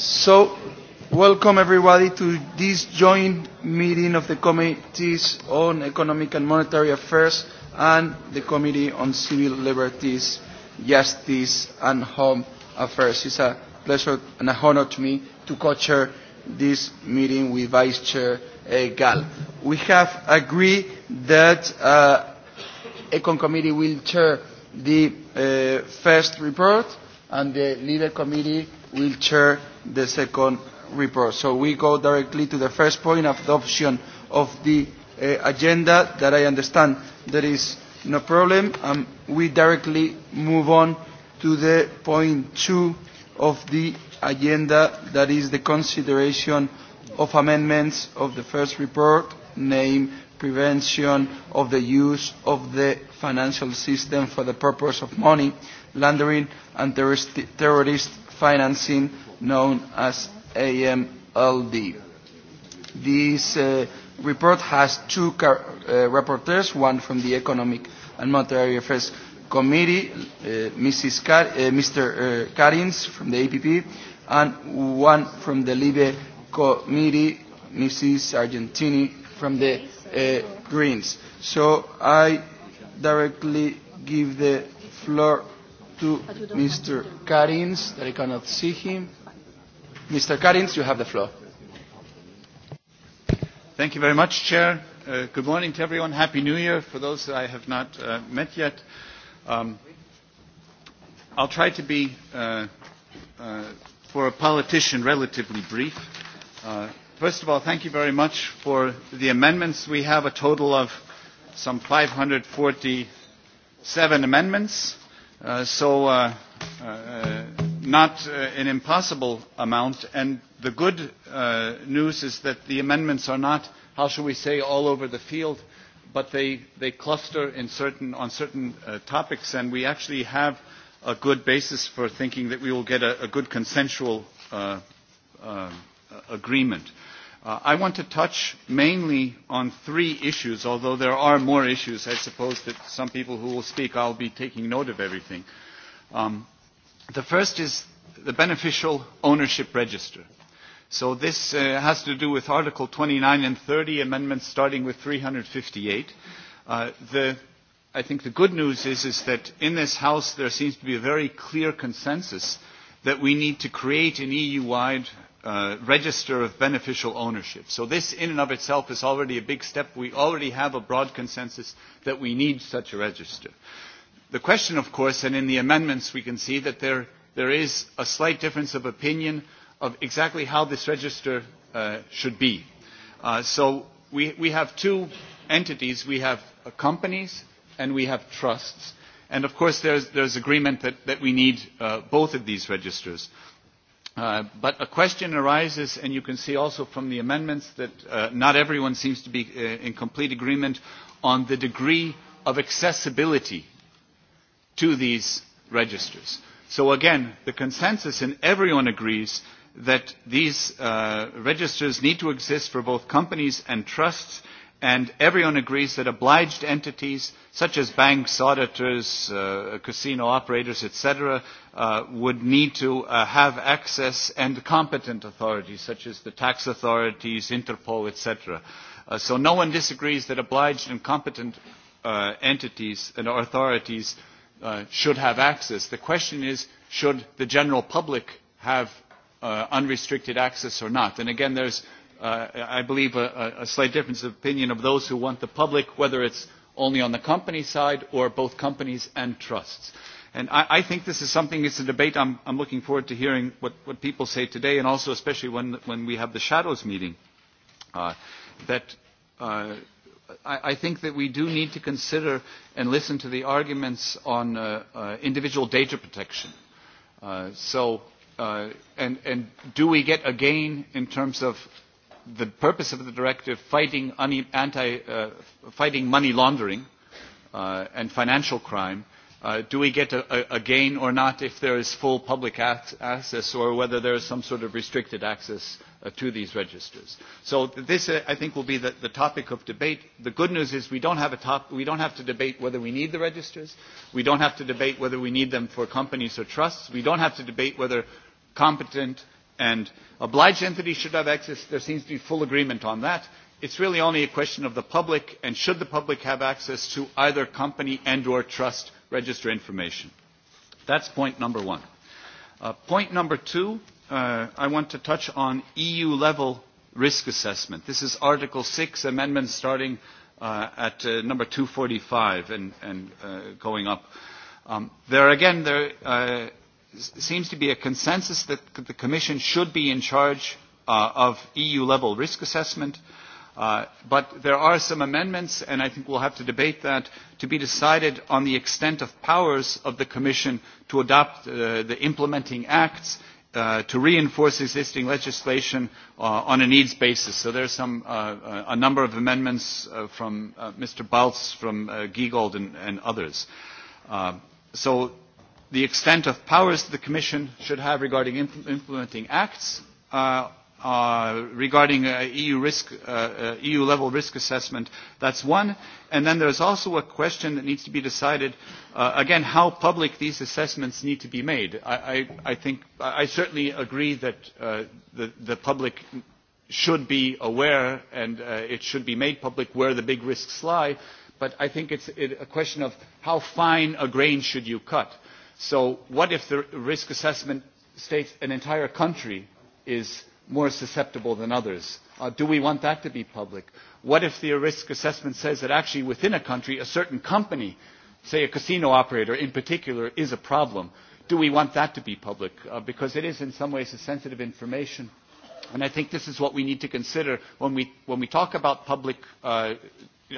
So, welcome everybody to this joint meeting of the Committees on Economic and Monetary Affairs and the Committee on Civil Liberties, Justice and Home Affairs. It's a pleasure and a honor to me to co-chair this meeting with Vice Chair uh, Gall. We have agreed that uh, Econ Committee will chair the uh, first report and the Leader Committee will chair the second report. So we go directly to the first point, adoption of the uh, agenda that I understand there is no problem. Um, we directly move on to the point two of the agenda that is the consideration of amendments of the first report, name prevention of the use of the financial system for the purpose of money laundering and terrorist financing known as AMLD. This uh, report has two uh, rapporteurs, one from the Economic and Monetary Affairs Committee, uh, Mrs. Car- uh, Mr. Uh, Karins from the APP, and one from the Libe Committee, Mrs. Argentini from the uh, Greens. So I directly give the floor to Mr. Karins, that I cannot see him. Mr. Karins, you have the floor. Thank you very much, Chair. Uh, good morning to everyone. Happy New Year for those that I have not uh, met yet. Um, I'll try to be, uh, uh, for a politician, relatively brief. Uh, first of all, thank you very much for the amendments. We have a total of some 547 amendments so uh, uh, not uh, an impossible amount. And the good uh, news is that the amendments are not, how shall we say, all over the field, but they, they cluster in certain, on certain uh, topics. And we actually have a good basis for thinking that we will get a, a good consensual uh, uh, agreement I want to touch mainly on three issues, although there are more issues. I suppose that some people who will speak, I'll be taking note of everything. Um, the first is the beneficial ownership register. So this uh, has to do with Article 29 and 30 amendments starting with 358. Uh, the, I think the good news is, is that in this House there seems to be a very clear consensus that we need to create an EU-wide uh, register of beneficial ownership. So this in and of itself is already a big step. We already have a broad consensus that we need such a register. The question, of course, and in the amendments we can see that there, there is a slight difference of opinion of exactly how this register uh, should be. Uh, so we, we have two entities. We have uh, companies and we have trusts. And of course there's, there's agreement that, that we need uh, both of these registers but a question arises, and you can see also from the amendments that uh, not everyone seems to be uh, in complete agreement on the degree of accessibility to these registers. So again, the consensus, and everyone agrees, that these uh, registers need to exist for both companies and trusts, and everyone agrees that obliged entities such as banks, auditors, uh, casino operators, etc., uh, would need to uh, have access and competent authorities such as the tax authorities, Interpol, etc. Uh, so no one disagrees that obliged and competent uh, entities and authorities uh, should have access. The question is, should the general public have uh, unrestricted access or not? And again, there's uh, I believe, a, a slight difference of opinion of those who want the public, whether it's only on the company side or both companies and trusts. And I, I think this is something, it's a debate I'm, I'm looking forward to hearing what, what people say today and also especially when, when we have the shadows meeting, uh, that uh, I, I think that we do need to consider and listen to the arguments on uh, uh, individual data protection. Uh, so, uh, and, and do we get a gain in terms of the purpose of the directive fighting, anti, uh, fighting money laundering uh, and financial crime uh, do we get a, a gain or not if there is full public access or whether there is some sort of restricted access uh, to these registers. So this, uh, I think, will be the, the topic of debate. The good news is we don't, have a top, we don't have to debate whether we need the registers. We don't have to debate whether we need them for companies or trusts. We don't have to debate whether competent And obliged entities should have access. There seems to be full agreement on that. It's really only a question of the public and should the public have access to either company and or trust register information. That's point number one. Uh, point number two, uh, I want to touch on EU level risk assessment. This is Article 6 amendments starting uh, at uh, number 245 and, and uh, going up. Um, there again, there, uh, seems to be a consensus that the Commission should be in charge uh, of EU-level risk assessment, uh, but there are some amendments, and I think we'll have to debate that, to be decided on the extent of powers of the Commission to adopt uh, the implementing acts uh, to reinforce existing legislation uh, on a needs basis. So are some, uh, a number of amendments uh, from uh, Mr. Baltz, from uh, Giegold, and, and others. Uh, so the extent of powers the Commission should have regarding implementing acts, regarding EU-level risk assessment. That's one. And then there's also a question that needs to be decided, again, how public these assessments need to be made. I, I, I, think, I certainly agree that the, the public should be aware and it should be made public where the big risks lie, but I think it's a question of how fine a grain should you cut So what if the risk assessment states an entire country is more susceptible than others? Uh, do we want that to be public? What if the risk assessment says that actually within a country, a certain company, say a casino operator in particular, is a problem? Do we want that to be public? Uh, because it is in some ways a sensitive information. And I think this is what we need to consider when we, when we talk about public, uh,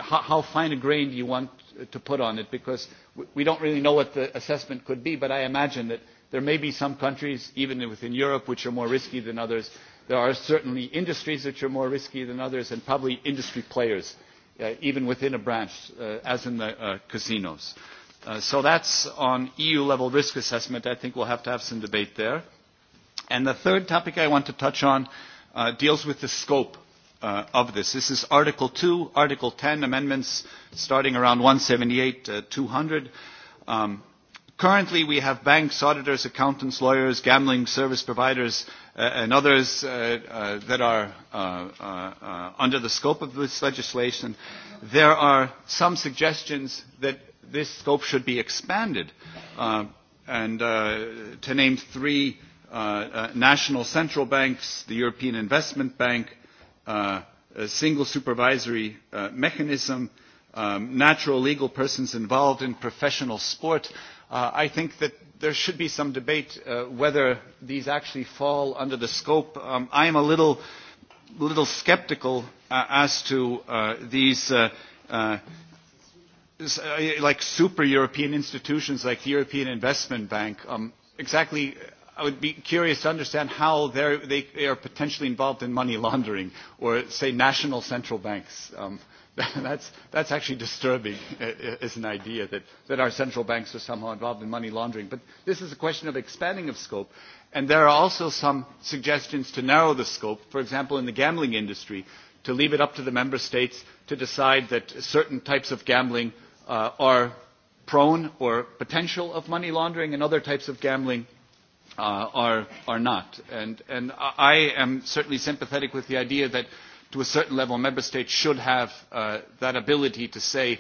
how, how fine a grain do you want to put on it because we don't really know what the assessment could be, but I imagine that there may be some countries, even within Europe, which are more risky than others. There are certainly industries which are more risky than others and probably industry players, uh, even within a branch, uh, as in the uh, casinos. Uh, so that's on EU-level risk assessment. I think we'll have to have some debate there. And the third topic I want to touch on uh, deals with the scope uh, of this. This is Article 2, Article 10, amendments starting around 178, uh, 200. Um, currently, we have banks, auditors, accountants, lawyers, gambling service providers, uh, and others uh, uh, that are uh, uh, uh, under the scope of this legislation. There are some suggestions that this scope should be expanded, uh, and uh, to name three uh, uh, national central banks, the European Investment Bank, a single supervisory mechanism, natural legal persons involved in professional sport. I think that there should be some debate whether these actually fall under the scope. I am a little, little skeptical as to these like super European institutions like the European Investment Bank. exactly I would be curious to understand how they, they are potentially involved in money laundering or, say, national central banks. Um, that's, that's actually disturbing as an idea that, that our central banks are somehow involved in money laundering. But this is a question of expanding of scope. And there are also some suggestions to narrow the scope, for example, in the gambling industry, to leave it up to the member states to decide that certain types of gambling uh, are prone or potential of money laundering and other types of gambling uh are, are not. And, and I am certainly sympathetic with the idea that to a certain level member states should have uh, that ability to say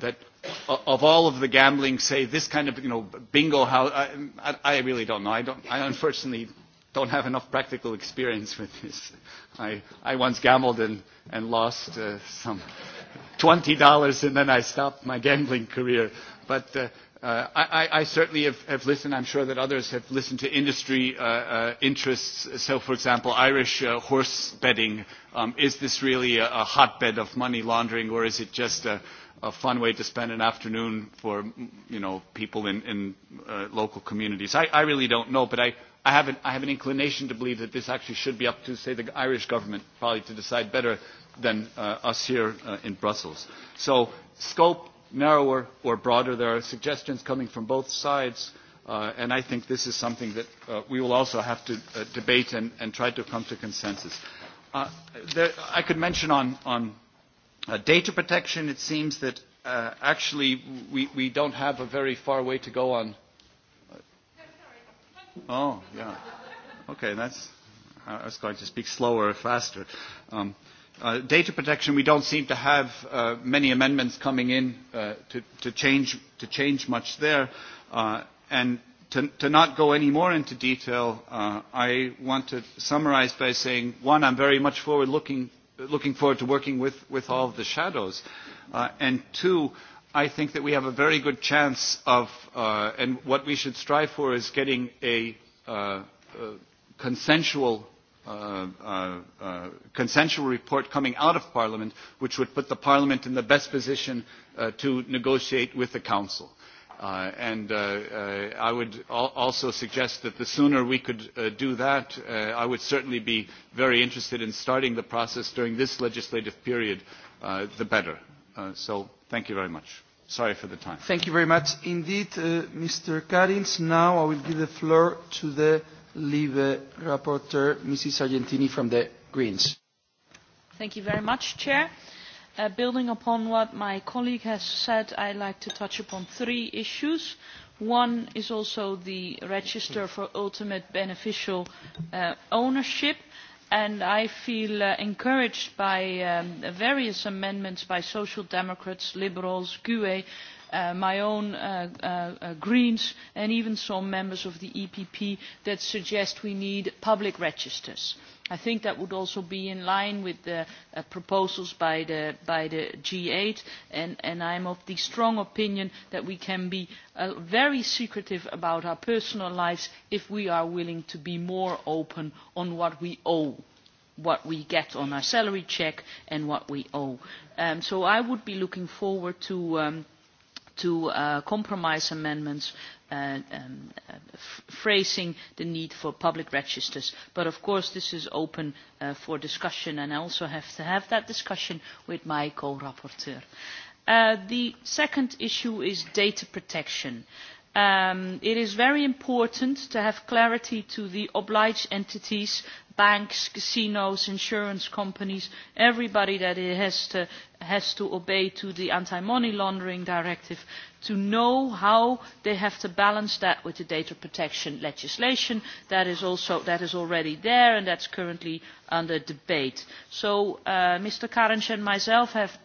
that of all of the gambling, say this kind of you know bingo house. I, I really don't know. I don't. I unfortunately don't have enough practical experience with this. I I once gambled and and lost uh, some twenty dollars, and then I stopped my gambling career. But uh, I, I certainly have, have listened. I'm sure that others have listened to industry uh, uh, interests. So, for example, Irish uh, horse betting. Um, is this really a, a hotbed of money laundering, or is it just a, a fun way to spend an afternoon for you know people in, in uh, local communities? I, I really don't know, but I, I have, an, I have an inclination to believe that this actually should be up to, say, the Irish government probably to decide better than uh, us here uh, in Brussels. So scope narrower or broader. There are suggestions coming from both sides, uh, and I think this is something that uh, we will also have to uh, debate and, and try to come to consensus. Uh, there, I could mention on, on uh, data protection, it seems that uh, actually we, we don't have a very far way to go on. Oh, yeah. Okay, that's. I was going to speak slower or faster. Um, uh, Uh, data protection, we don't seem to have uh, many amendments coming in uh, to, to, change, to change much there. Uh, and to, to not go any more into detail, uh, I want to summarize by saying, one, I'm very much forward looking, looking forward to working with, with all of the shadows. Uh, and two, I think that we have a very good chance of, uh, and what we should strive for is getting a uh, uh, consensual consensual report coming out of Parliament, which would put the Parliament in the best position uh, to negotiate with the Council. Uh, and uh, uh, I would al also suggest that the sooner we could uh, do that, uh, I would certainly be very interested in starting the process during this legislative period, uh, the better. Uh, so thank you very much. Sorry for the time. Thank you very much indeed, uh, Mr. Karins. Now I will give the floor to the Liebe Rapporteur, Mrs. Sargentini from the Greens. Thank you very much, Chair. Uh, building upon what my colleague has said, I'd like to touch upon three issues. One is also the register for ultimate beneficial uh, ownership and i feel encouraged by various amendments by social democrats liberals gue my own Greens and even some members of the EPP that suggest we need public registers. I think that would also be in line with the proposals by the, g eight and, I am of the strong opinion that we can be very secretive about our personal lives if we are willing to be more open on what we owe what we get on our salary check and what we owe. so I would be looking forward to to uh, compromise amendments uh, um, uh, phrasing the need for public registers. But of course this is open uh, for discussion and I also have to have that discussion with my co-rapporteur. Uh, the second issue is data protection. Uh, it is very important to have clarity to the obliged entities banks casinos insurance companies everybody that has to obey the anti money laundering directive to know how they have to balance that with the data protection legislation that is already there and that is currently under debate. so mr karas and myself have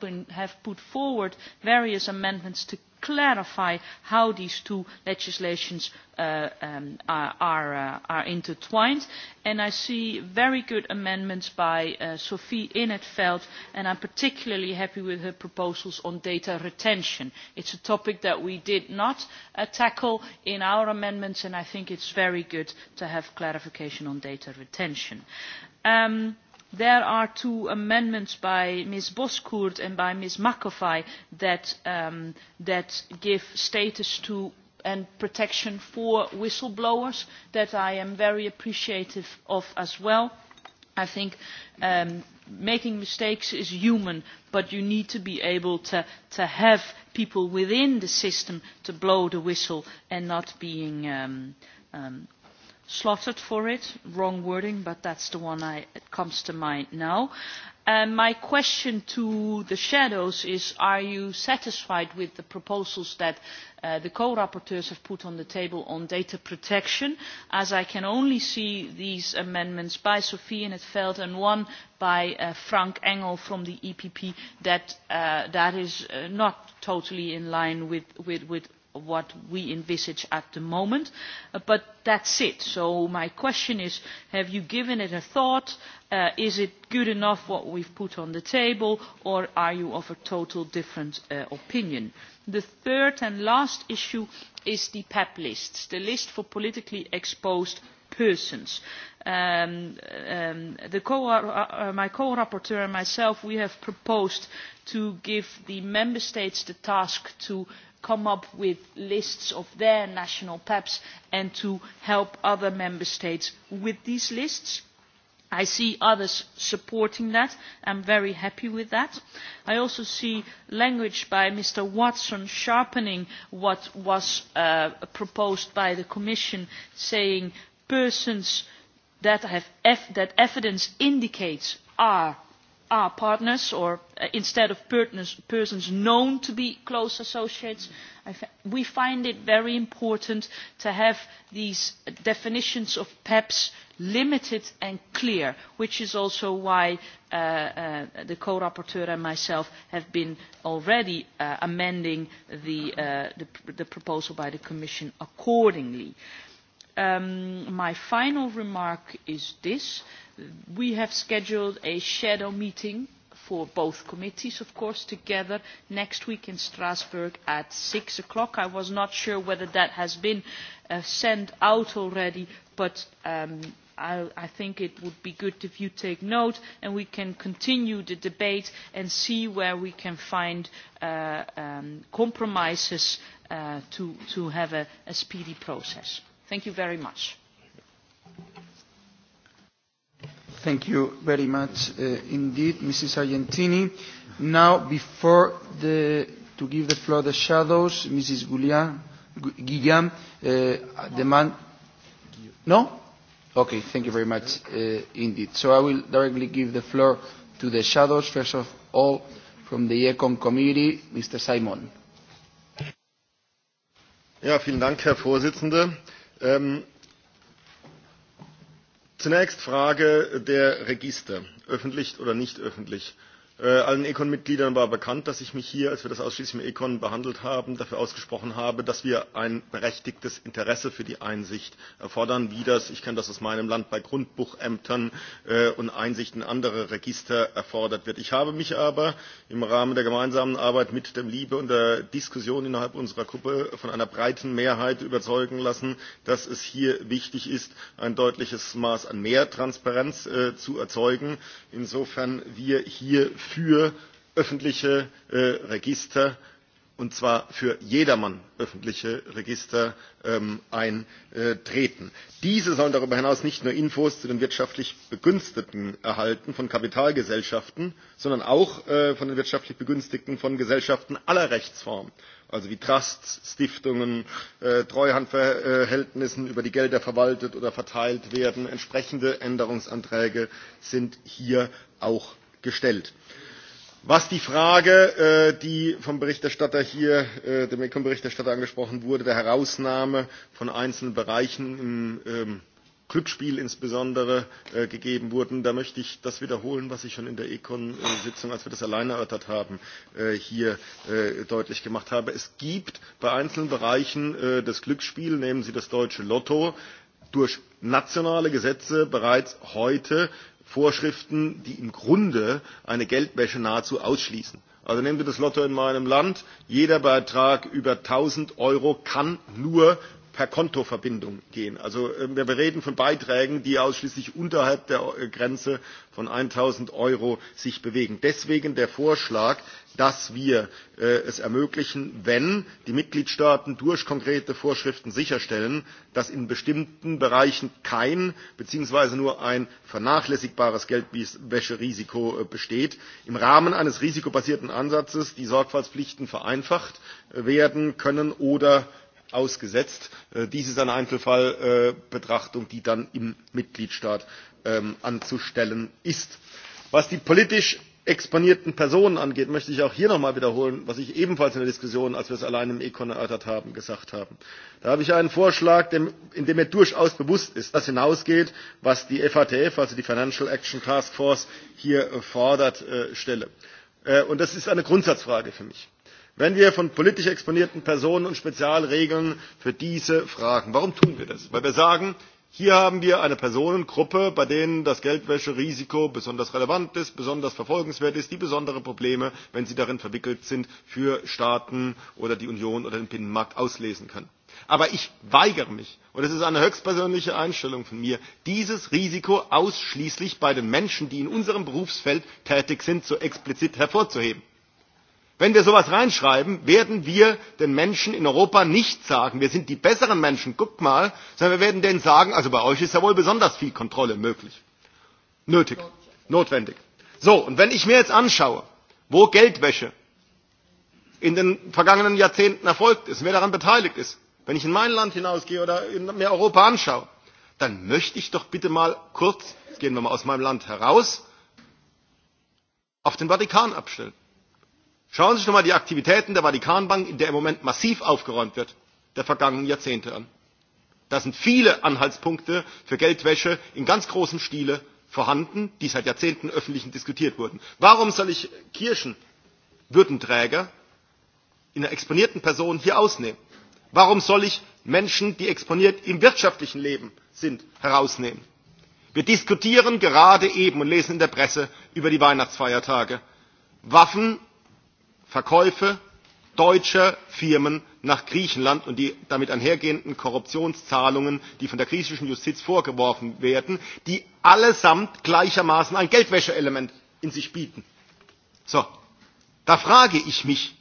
put forward various amendments to clarify how these two legislations uh, um, are, are, uh, are intertwined. And I see very good amendments by uh, Sophie Innetveld, and I'm particularly happy with her proposals on data retention. It's a topic that we did not uh, tackle in our amendments, and I think it's very good to have clarification on data retention. Um, There are two amendments by Ms. Boskoert and by Ms. McAfee that, um, that give status to and protection for whistleblowers that I am very appreciative of as well. I think um, making mistakes is human, but you need to be able to, to have people within the system to blow the whistle and not being um, um, slaughtered for it. Wrong wording, but that's the one I, that comes to mind now. And my question to the shadows is, are you satisfied with the proposals that uh, the co-rapporteurs have put on the table on data protection? As I can only see these amendments by Sophie and and one by uh, Frank Engel from the EPP, that, uh, that is uh, not totally in line with, with, with what we envisage at the moment. But that's it. So my question is, have you given it a thought? Uh, is it good enough what we've put on the table, or are you of a total different uh, opinion? The third and last issue is the PEP lists, the list for politically exposed persons. my co rapporteur and myself have proposed to give the member states the task to come up with lists of their national PEPs and to help other member states with these lists. I see others supporting that. I am very happy with that. I also see language by Mr. Watson sharpening what was proposed by the Commission, saying persons that, have that evidence indicates are are partners or instead of persons known to be close associates. we find it very important to have these definitions of PEPs limited and clear, which is also why the co-rapporteur and myself have been already amending the, proposal by the Commission accordingly. my final remark is this we have scheduled a shadow meeting for both committees, of course, together next week in Strasbourg at six o'clock. I was not sure whether that has been sent out already, but I, think it would be good if you take note and we can continue the debate and see where we can find compromises to, have a speedy process. Thank you very much. Thank you very much uh, indeed, Mrs. Argentini. Now, before the, to give the floor to the shadows, Mrs. Guillam, uh, demand... No? Okay, thank you very much uh, indeed. So I will directly give the floor to the shadows, first of all, from the ECOM committee, Mr. Simon. Ja, vielen Dank, Herr Vorsitzender. Ähm, Zunächst Frage der Register, öffentlich oder nicht öffentlich. Allen Econ-Mitgliedern war bekannt, dass ich mich hier, als wir das ausschließlich im Econ behandelt haben, dafür ausgesprochen habe, dass wir ein berechtigtes Interesse für die Einsicht erfordern, wie das, ich kenne das aus meinem Land, bei Grundbuchämtern und Einsicht in andere Register erfordert wird. Ich habe mich aber im Rahmen der gemeinsamen Arbeit mit dem LIBE und der Diskussion innerhalb unserer Gruppe von einer breiten Mehrheit überzeugen lassen, dass es hier wichtig ist, ein deutliches Maß an mehr Transparenz zu erzeugen. Insofern wir hier für öffentliche Register und zwar für jedermann öffentliche Register eintreten. Diese sollen darüber hinaus nicht nur Infos zu den wirtschaftlich Begünstigten erhalten von Kapitalgesellschaften, sondern auch von den wirtschaftlich Begünstigten von Gesellschaften aller Rechtsformen, also wie Trusts, Stiftungen, Treuhandverhältnissen, über die Gelder verwaltet oder verteilt werden. Entsprechende Änderungsanträge sind hier auch gestellt. Was die Frage, die vom Berichterstatter hier, dem Econ-Berichterstatter angesprochen wurde, der Herausnahme von einzelnen Bereichen im Glücksspiel insbesondere gegeben wurden, da möchte ich das wiederholen, was ich schon in der Econ-Sitzung, als wir das alleine erörtert haben, hier deutlich gemacht habe. Es gibt bei einzelnen Bereichen das Glücksspiel, nehmen Sie das deutsche Lotto, durch nationale Gesetze bereits heute Vorschriften, die im Grunde eine Geldwäsche nahezu ausschließen. Also nehmen wir das Lotto in meinem Land. Jeder Beitrag über 1000 Euro kann nur per Kontoverbindung gehen. Also wir reden von Beiträgen, die ausschließlich unterhalb der Grenze von 1.000 Euro sich bewegen. Deswegen der Vorschlag, dass wir es ermöglichen, wenn die Mitgliedstaaten durch konkrete Vorschriften sicherstellen, dass in bestimmten Bereichen kein bzw. nur ein vernachlässigbares Geldwäscherisiko besteht, im Rahmen eines risikobasierten Ansatzes die Sorgfaltspflichten vereinfacht werden können oder ausgesetzt. Dies ist eine Einzelfallbetrachtung, die dann im Mitgliedstaat anzustellen ist. Was die politisch exponierten Personen angeht, möchte ich auch hier nochmal wiederholen, was ich ebenfalls in der Diskussion, als wir es allein im Econ erörtert haben, gesagt habe. Da habe ich einen Vorschlag, in dem mir durchaus bewusst ist, dass hinausgeht, was die FATF, also die Financial Action Task Force, hier fordert, stelle. Und das ist eine Grundsatzfrage für mich wenn wir von politisch exponierten personen und spezialregeln für diese fragen. warum tun wir das? weil wir sagen hier haben wir eine personengruppe bei der das geldwäscherisiko besonders relevant ist besonders verfolgenswert ist die besondere probleme wenn sie darin verwickelt sind für staaten oder die union oder den binnenmarkt auslesen kann. aber ich weigere mich und das ist eine höchstpersönliche einstellung von mir dieses risiko ausschließlich bei den menschen die in unserem berufsfeld tätig sind so explizit hervorzuheben. Wenn wir so etwas reinschreiben, werden wir den Menschen in Europa nicht sagen, wir sind die besseren Menschen, guckt mal, sondern wir werden denen sagen, also bei euch ist ja wohl besonders viel Kontrolle möglich. Nötig, notwendig. So, und wenn ich mir jetzt anschaue, wo Geldwäsche in den vergangenen Jahrzehnten erfolgt ist, wer daran beteiligt ist, wenn ich in mein Land hinausgehe oder in mir Europa anschaue, dann möchte ich doch bitte mal kurz, gehen wir mal aus meinem Land heraus, auf den Vatikan abstellen. Schauen Sie sich nochmal die Aktivitäten der Vatikanbank, in der im Moment massiv aufgeräumt wird, der vergangenen Jahrzehnte an. Da sind viele Anhaltspunkte für Geldwäsche in ganz großem Stile vorhanden, die seit Jahrzehnten öffentlich diskutiert wurden. Warum soll ich Kirchenwürdenträger in einer exponierten Person hier ausnehmen? Warum soll ich Menschen, die exponiert im wirtschaftlichen Leben sind, herausnehmen? Wir diskutieren gerade eben und lesen in der Presse über die Weihnachtsfeiertage. Waffen verkäufe deutscher firmen nach griechenland und die damit einhergehenden korruptionszahlungen die von der griechischen justiz vorgeworfen werden die allesamt gleichermaßen ein geldwäscheelement in sich bieten. da frage ich mich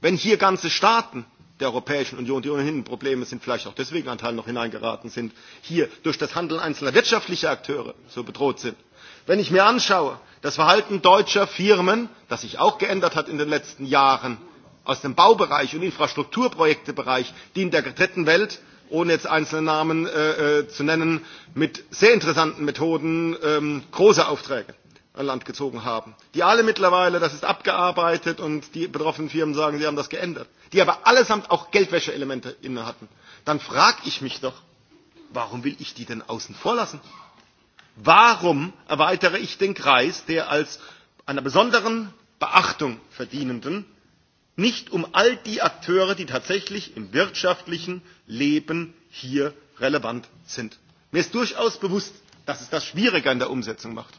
wenn hier ganze staaten der europäischen union die ohnehin probleme sind vielleicht auch deswegen ein teil noch hineingeraten sind hier durch das handeln einzelner wirtschaftlicher akteure so bedroht sind wenn ich mir anschaue das verhalten deutscher firmen das sich auch geändert hat in den letzten jahren aus dem baubereich und infrastrukturprojektebereich die in der dritten welt ohne jetzt einzelne namen zu nennen mit sehr interessanten methoden große aufträge an Land gezogen haben, die alle mittlerweile, das ist abgearbeitet und die betroffenen Firmen sagen, sie haben das geändert, die aber allesamt auch Geldwäscheelemente inne hatten, dann frage ich mich doch, warum will ich die denn außen vor lassen? Warum erweitere ich den Kreis der als einer besonderen Beachtung verdienenden nicht um all die Akteure, die tatsächlich im wirtschaftlichen Leben hier relevant sind? Mir ist durchaus bewusst, dass es das schwieriger in der Umsetzung macht.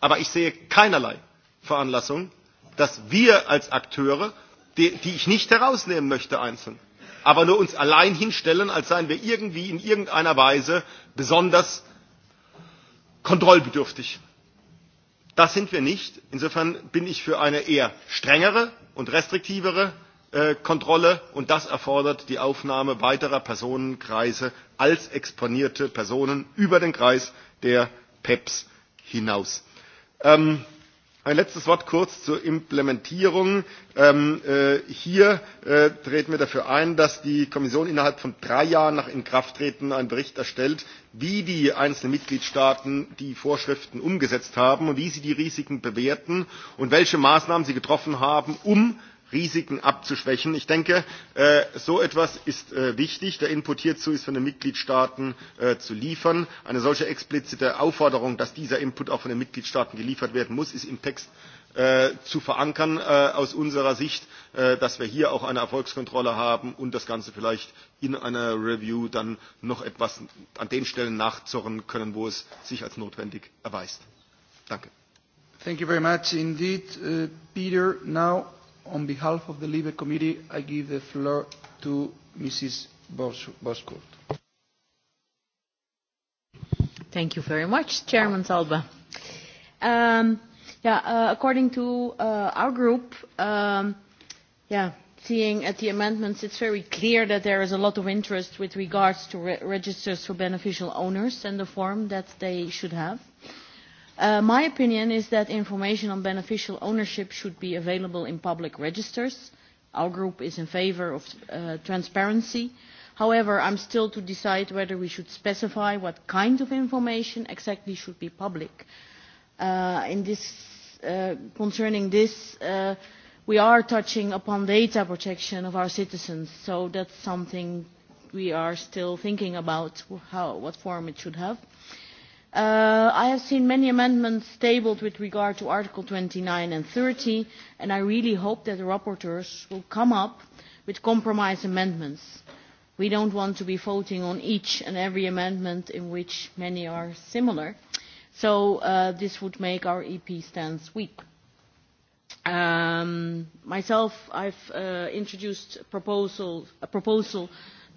Aber ich sehe keinerlei Veranlassung, dass wir als Akteure, die, die ich nicht herausnehmen möchte einzeln, aber nur uns allein hinstellen, als seien wir irgendwie in irgendeiner Weise besonders kontrollbedürftig. Das sind wir nicht. Insofern bin ich für eine eher strengere und restriktivere Kontrolle und das erfordert die Aufnahme weiterer Personenkreise als exponierte Personen über den Kreis der PEPs hinaus. Ähm, Ein letztes Wort kurz zur Implementierung. Ähm, äh, hier äh, treten wir dafür ein, dass die Kommission innerhalb von drei Jahren nach Inkrafttreten einen Bericht erstellt, wie die einzelnen Mitgliedstaaten die Vorschriften umgesetzt haben und wie sie die Risiken bewerten und welche Maßnahmen sie getroffen haben, um Risiken abzuschwächen. Ich denke, so etwas ist wichtig. Der Input hierzu ist von den Mitgliedstaaten zu liefern. Eine solche explizite Aufforderung, dass dieser Input auch von den Mitgliedstaaten geliefert werden muss, ist im Text zu verankern aus unserer Sicht, dass wir hier auch eine Erfolgskontrolle haben und das Ganze vielleicht in einer Review dann noch etwas an den Stellen nachzurren können, wo es sich als notwendig erweist. Danke. Thank you very much indeed, Peter. Now on behalf of the LIBE Committee, I give the floor to Mrs. Boscourt. Thank you very much, Chairman Salba. Um, yeah, uh, according to uh, our group, um, yeah, seeing at the amendments, it's very clear that there is a lot of interest with regards to re registers for beneficial owners and the form that they should have my opinion is that information on beneficial ownership should be available in public registers. Our group is in favour of transparency. However, I am still to decide whether we should specify what kind of information exactly should be public. concerning this, we are touching upon data protection of our citizens, so that is something we are still thinking about, what form it should have I have seen many amendments tabled with regard to Articles twenty nine and thirty, and I really hope that the rapporteurs will come up with compromise amendments. We do not want to be voting on each and every amendment in which many are similar, so this would make our EP stance weak. myself, I have introduced a proposal,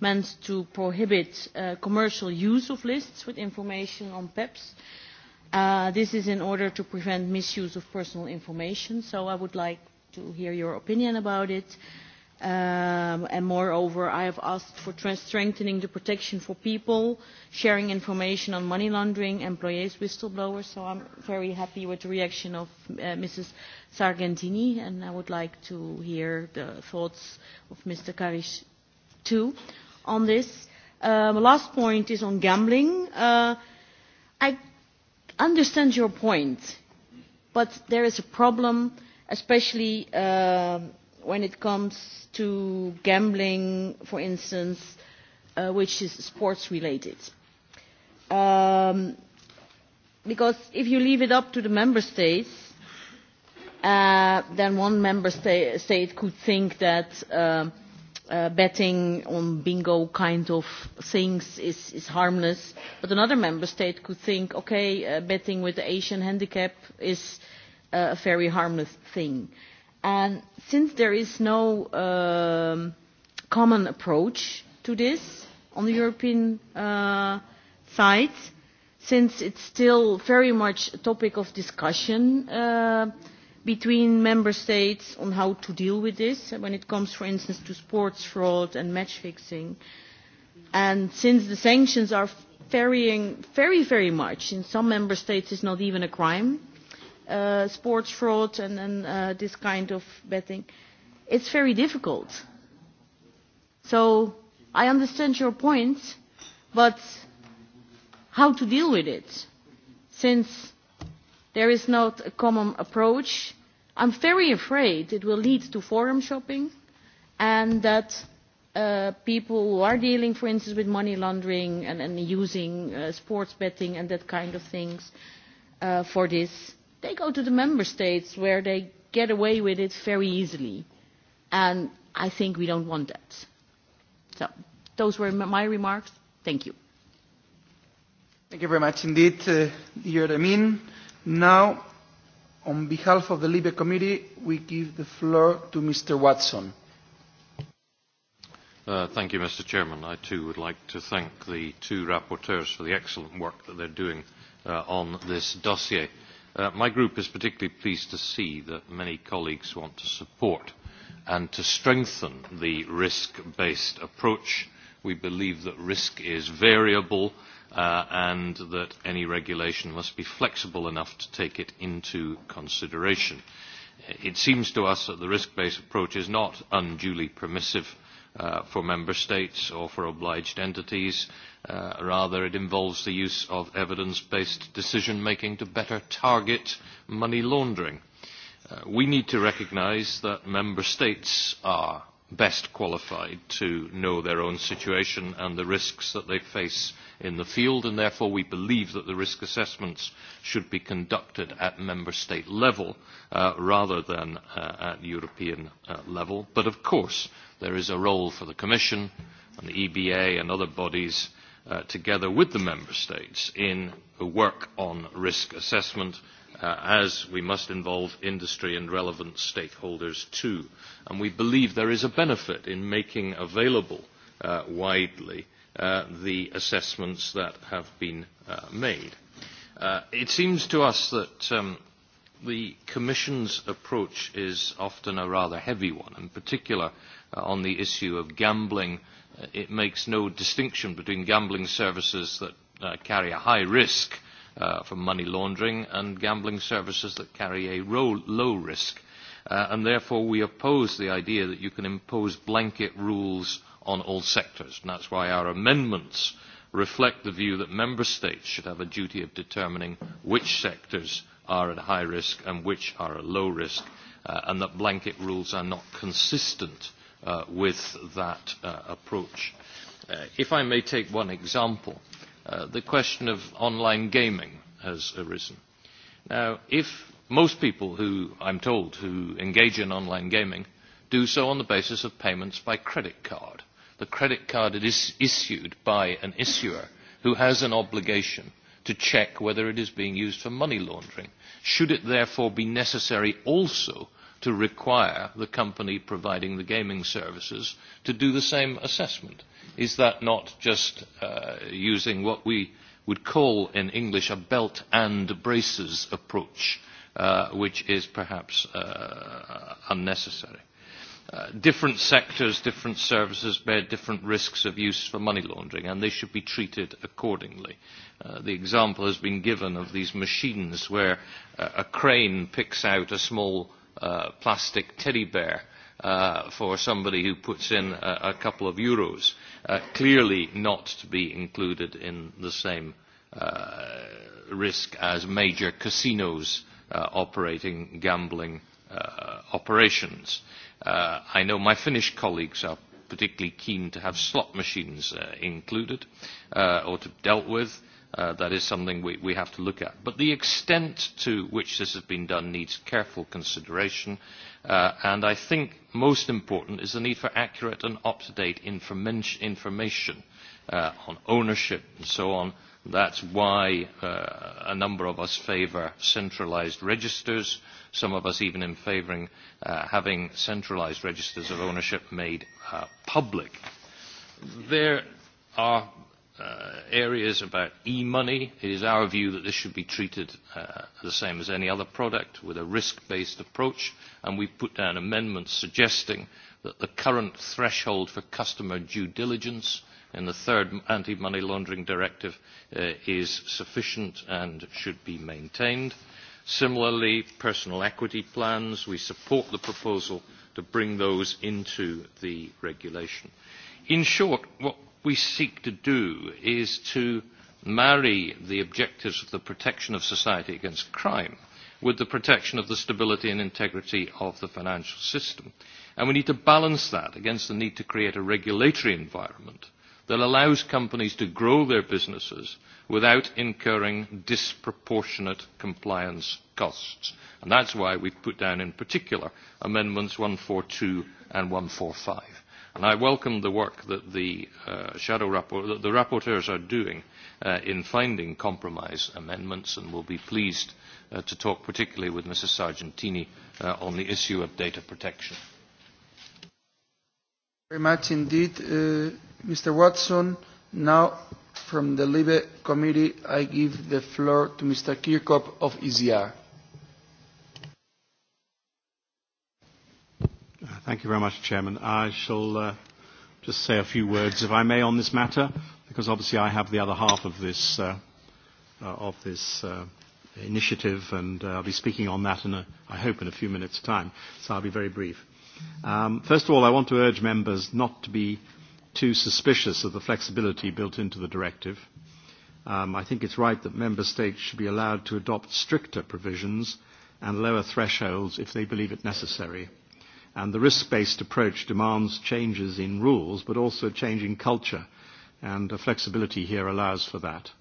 meant to prohibit uh, commercial use of lists with information on PEPs. Uh, this is in order to prevent misuse of personal information, so I would like to hear your opinion about it. Um, and moreover, I have asked for strengthening the protection for people, sharing information on money laundering, employees, whistleblowers. So I'm very happy with the reaction of uh, Mrs. Sargentini, and I would like to hear the thoughts of Mr. Karish too on this. My last point is on gambling. Uh, I understand your point, but there is a problem, especially uh, when it comes to gambling, for instance, uh, which is sports related. Um, because if you leave it up to the member states, uh, then one member sta- state could think that uh, betting on bingo kind of things is, is harmless. But another member state could think, okay, uh, betting with the Asian handicap is uh, a very harmless thing. And since there is no um, common approach to this on the European uh, side, since it's still very much a topic of discussion uh, between member states on how to deal with this when it comes, for instance, to sports fraud and match fixing. And since the sanctions are varying very, very much, in some member states it's not even a crime, uh, sports fraud and, and uh, this kind of betting, it's very difficult. So I understand your point, but how to deal with it? Since There is not a common approach. I'm very afraid it will lead to forum shopping and that people who are dealing, for instance, with money laundering and, and using uh, sports betting and that kind of things for this, they go to the member states where they get away with it very easily. And I think we don't want that. So those were my remarks. Thank you. Thank you very much indeed, uh, dear Amin. Now, on behalf of the Libe Committee, we give the floor to Mr. Watson. Uh, thank you, Mr. Chairman. I too would like to thank the two rapporteurs for the excellent work that they're doing uh, on this dossier. Uh, my group is particularly pleased to see that many colleagues want to support and to strengthen the risk-based approach uh, We believe that risk is variable uh, and that any regulation must be flexible enough to take it into consideration. It seems to us that the risk-based approach is not unduly permissive uh, for member states or for obliged entities. Uh, rather, it involves the use of evidence-based decision-making to better target money laundering. Uh, we need to recognise that member states are best qualified to know their own situation and the risks that they face in the field, and therefore we believe that the risk assessments should be conducted at member state level uh, rather than uh, at European uh, level. But of course, there is a role for the Commission and the EBA and other bodies uh, together with the member states in work on risk assessment as we must involve industry and relevant stakeholders too. And we believe there is a benefit in making available widely the assessments that have been made. it seems to us that the Commission's approach is often a rather heavy one, in particular on the issue of gambling. It makes no distinction between gambling services that carry a high risk uh, for money laundering and gambling services that carry a low risk. Uh, and therefore we oppose the idea that you can impose blanket rules on all sectors. And that's why our amendments reflect the view that member states should have a duty of determining which sectors are at high risk and which are at low risk, uh, and that blanket rules are not consistent uh, with that uh, approach. Uh, if I may take one example, the question of online gaming has arisen. Now, if most people who, I'm told, who engage in online gaming do so on the basis of payments by credit card, the credit card is issued by an issuer who has an obligation to check whether it is being used for money laundering. Should it therefore be necessary also to require the company providing the gaming services to do the same assessment? Is that not just uh, using what we would call in English a belt and braces approach, uh, which is perhaps uh, unnecessary? different sectors, different services bear different risks of use for money laundering, and they should be treated accordingly. the example has been given of these machines where a crane picks out a small plastic teddy bear for somebody who puts in a, couple of euros uh, clearly not to be included in the same uh, risk as major casinos uh, operating gambling uh, operations. Uh, I know my Finnish colleagues are particularly keen to have slot machines uh, included uh, or to dealt with. Uh, that is something we, we have to look at. But the extent to which this has been done needs careful consideration. Uh, and I think most important is the need for accurate and up-to-date information on ownership and so on. That is why a number of us favour centralised registers, some of us even in favouring having centralised registers of ownership made public. There are areas about e-money, it is our view that this should be treated uh, the same as any other product with a risk-based approach, and we've put down amendments suggesting that the current threshold for customer due diligence in the third anti-money laundering directive uh, is sufficient and should be maintained. Similarly, personal equity plans, we support the proposal to bring those into the regulation. In short, what we seek to do is to marry the objectives of the protection of society against crime with the protection of the stability and integrity of the financial system. And we need to balance that against the need to create a regulatory environment that allows companies to grow their businesses without incurring disproportionate compliance costs. And that's why we've put down in particular Amendments one hundred and forty two and one hundred and five And I welcome the work that the uh, shadow rapport, that the rapporteurs are doing uh, in finding compromise amendments, and will be pleased uh, to talk particularly with Mrs. Sargentini uh, on the issue of data protection. Very much indeed, uh, Mr. Watson. Now, from the Libe Committee, I give the floor to Mr. Kirkop of ECR. Thank you very much, Chairman. I shall uh, just say a few words, if I may, on this matter, because obviously I have the other half of this, uh, uh, of this uh, initiative, and uh, I'll be speaking on that, in a, I hope, in a few minutes' time. So I'll be very brief. Um, first of all, I want to urge members not to be too suspicious of the flexibility built into the directive. Um, I think it's right that member states should be allowed to adopt stricter provisions and lower thresholds if they believe it necessary. And the risk-based approach demands changes in rules, but also changing culture, and flexibility here allows for that.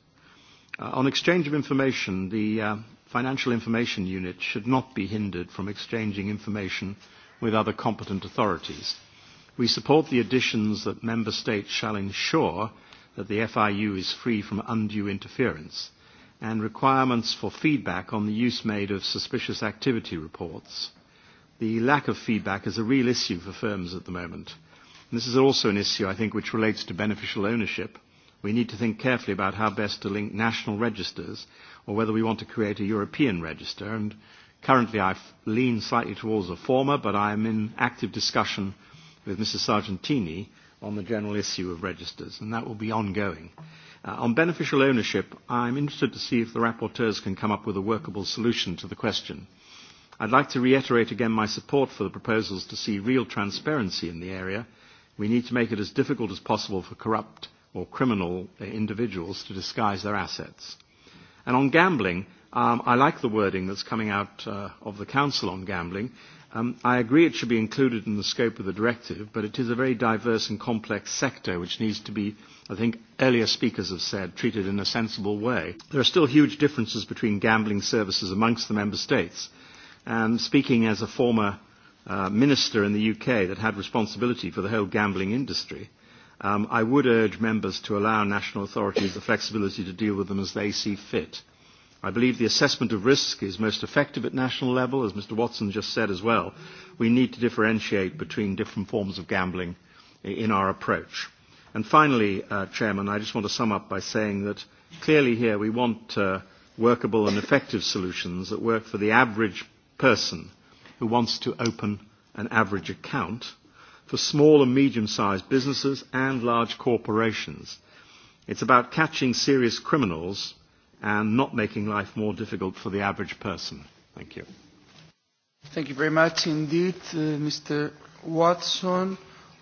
on exchange of information, the Financial Information Unit should not be hindered from exchanging information with other competent authorities. We support the additions that Member States shall ensure that the FIU is free from undue interference and requirements for feedback on the use made of suspicious activity reports the lack of feedback is a real issue for firms at the moment. And this is also an issue, I think, which relates to beneficial ownership. We need to think carefully about how best to link national registers or whether we want to create a European register. And currently I lean slightly towards the former, but I am in active discussion with Mrs. Sargentini on the general issue of registers, and that will be ongoing. Uh, on beneficial ownership, I'm interested to see if the rapporteurs can come up with a workable solution to the question – I'd like to reiterate again my support for the proposals to see real transparency in the area. We need to make it as difficult as possible for corrupt or criminal individuals to disguise their assets. And on gambling, um, I like the wording that's coming out uh, of the Council on gambling. Um, I agree it should be included in the scope of the directive, but it is a very diverse and complex sector which needs to be, I think earlier speakers have said, treated in a sensible way. There are still huge differences between gambling services amongst the member states and speaking as a former uh, minister in the UK that had responsibility for the whole gambling industry, um, I would urge members to allow national authorities the flexibility to deal with them as they see fit. I believe the assessment of risk is most effective at national level, as Mr Watson just said as well. We need to differentiate between different forms of gambling in our approach. And finally, uh, Chairman, I just want to sum up by saying that clearly here we want uh, workable and effective solutions that work for the average person who wants to open an average account for small and medium-sized businesses and large corporations. It's about catching serious criminals and not making life more difficult for the average person. Thank you. Thank you very much indeed, uh, Mr. Watson.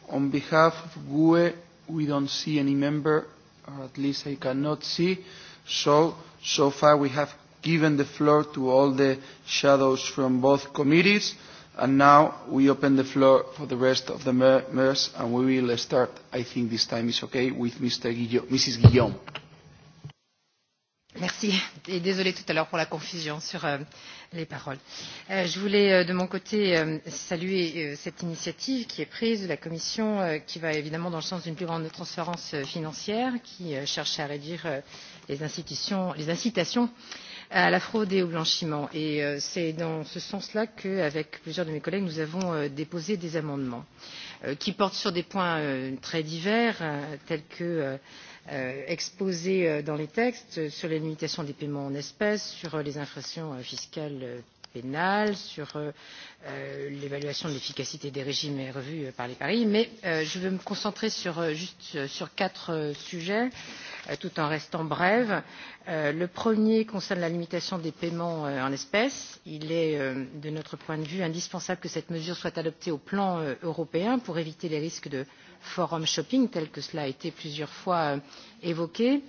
On behalf of GUE, we don't see any member, or at least I cannot see. So, so far we have given the floor to all the shadows from both committees. And now we open the floor for the rest of the members, and we will start, I think this time is okay, with Mr. Guillaume, Mrs. Guillaume. Merci et désolé tout à l'heure pour la confusion sur euh, les paroles. Euh, Je voulais euh, de mon côté euh, saluer euh, cette initiative qui est prise de la Commission, euh, qui va évidemment dans le sens d'une plus grande transparence euh, financière, qui euh, cherche à réduire euh, les, institutions, les incitations euh, à la fraude et au blanchiment. Et c'est dans ce sens-là qu'avec plusieurs de mes collègues, nous avons déposé des amendements qui portent sur des points très divers, tels que exposés dans les textes, sur les limitations des paiements en espèces, sur les infractions fiscales pénales, sur l'évaluation de l'efficacité des régimes est revue par les paris mais je veux me concentrer juste sur quatre sujets tout en restant brève. le premier concerne la limitation des paiements en espèces. il est de notre point de vue indispensable que cette mesure soit adoptée au plan européen pour éviter les risques de forum shopping tel que cela a été plusieurs fois évoqué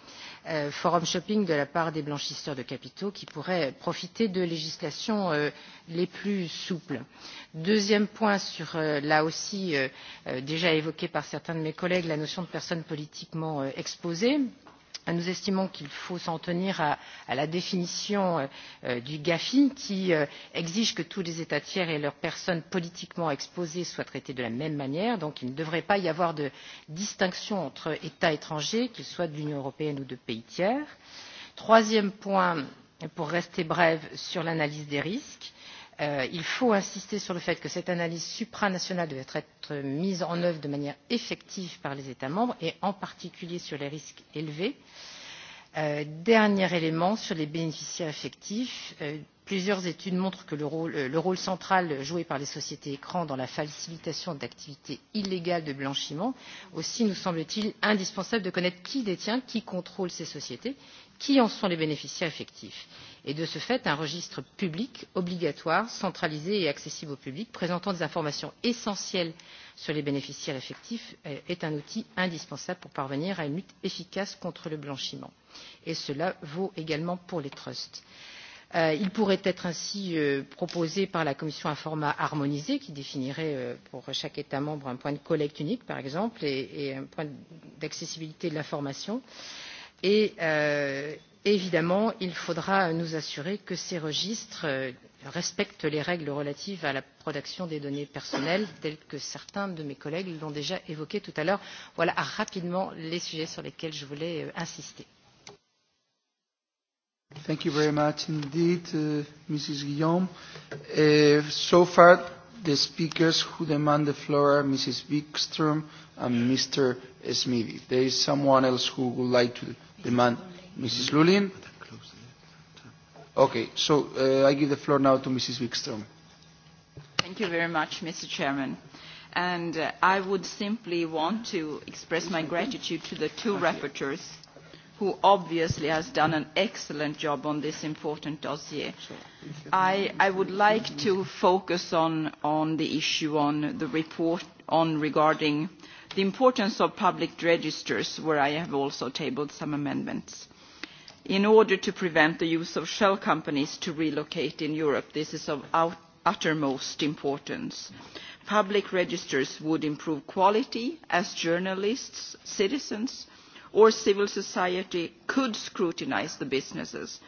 forum shopping de la part des blanchisseurs de capitaux qui pourraient profiter de législations les plus souples durable. Deuxième point sur, là aussi, déjà évoqué par certains de mes collègues, la notion de personnes politiquement exposées nous estimons qu'il faut s'en tenir à, la définition du gafi qui exige que tous les états tiers et leurs personnes politiquement exposées soient traités de la même manière donc il ne devrait pas y avoir de distinction entre états étrangers qu'ils soient de l'union européenne ou de pays tiers. troisième point pour rester brève sur l'analyse des risques il faut insister sur le fait que cette analyse supranationale doit être mise en œuvre de manière effective par les états membres et en particulier sur les risques élevés. dernier élément sur les bénéficiaires effectifs plusieurs études montrent que le rôle central joué par les sociétés écrans dans la facilitation d'activités illégales de blanchiment aussi nous semble t il indispensable de connaître qui détient qui contrôle ces sociétés qui en sont les bénéficiaires effectifs et de ce fait un registre public obligatoire centralisé et accessible au public présentant des informations essentielles sur les bénéficiaires effectifs est un outil indispensable pour parvenir à une lutte efficace contre le blanchiment et cela vaut également pour les trusts. Il pourrait être ainsi proposé par la Commission un format harmonisé qui définirait pour chaque État membre un point de collecte unique, par exemple, et un point d'accessibilité de l'information. Et évidemment il faudra nous assurer que ces registres respectent les règles relatives à la protection des données personnelles telles que certains de mes collègues l'ont déjà évoqué tout à l'heure. voilà rapidement les sujets sur lesquels je voulais insister. Thank you very much indeed, uh, Mrs. Guillaume. Uh, so far, the speakers who demand the floor are Mrs. Wikström and Mr. Smithy. there is someone else who would like to demand Mrs. Lulin? Okay, so uh, I give the floor now to Mrs. Wickstrom. Thank you very much, Mr. Chairman. And uh, I would simply want to express my gratitude to the two rapporteurs who obviously has done an excellent job on this important dossier. I, I would like to focus on, on the issue on the report on regarding the importance of public registers, where I have also tabled some amendments in order to prevent the use of shell companies to relocate in europe. this is of uttermost importance. public registers would improve quality as journalists citizens or civil society could scrutinise the businesses.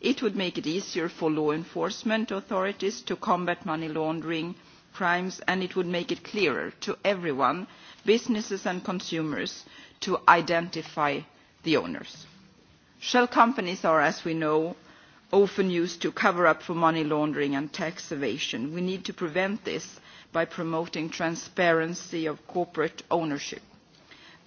it would make it easier for law enforcement authorities to combat money laundering crimes and it would make it clearer to everyone businesses and consumers to identify the owners. Shell companies are, as we know, often used to cover up for money laundering and tax evasion. We need to prevent this by promoting transparency of corporate ownership.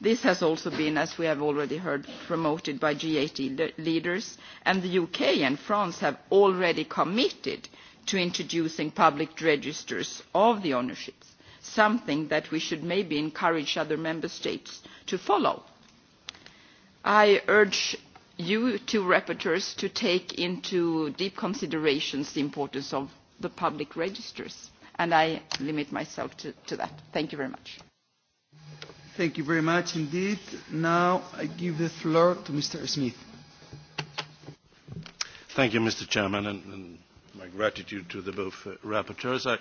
This has also been, as we have already heard, promoted by g eight leaders, and the UK and France have already committed to introducing public registers of the ownerships, something that we should maybe encourage other member states to follow. I urge you two rapporteurs to take into deep consideration the importance of the public registers and I limit myself to, to that. Thank you very much. Thank you very much indeed. Now I give the floor to Mr. Smith. Thank you, Mr. Chairman, and, and my gratitude to the both uh, rapporteurs. I,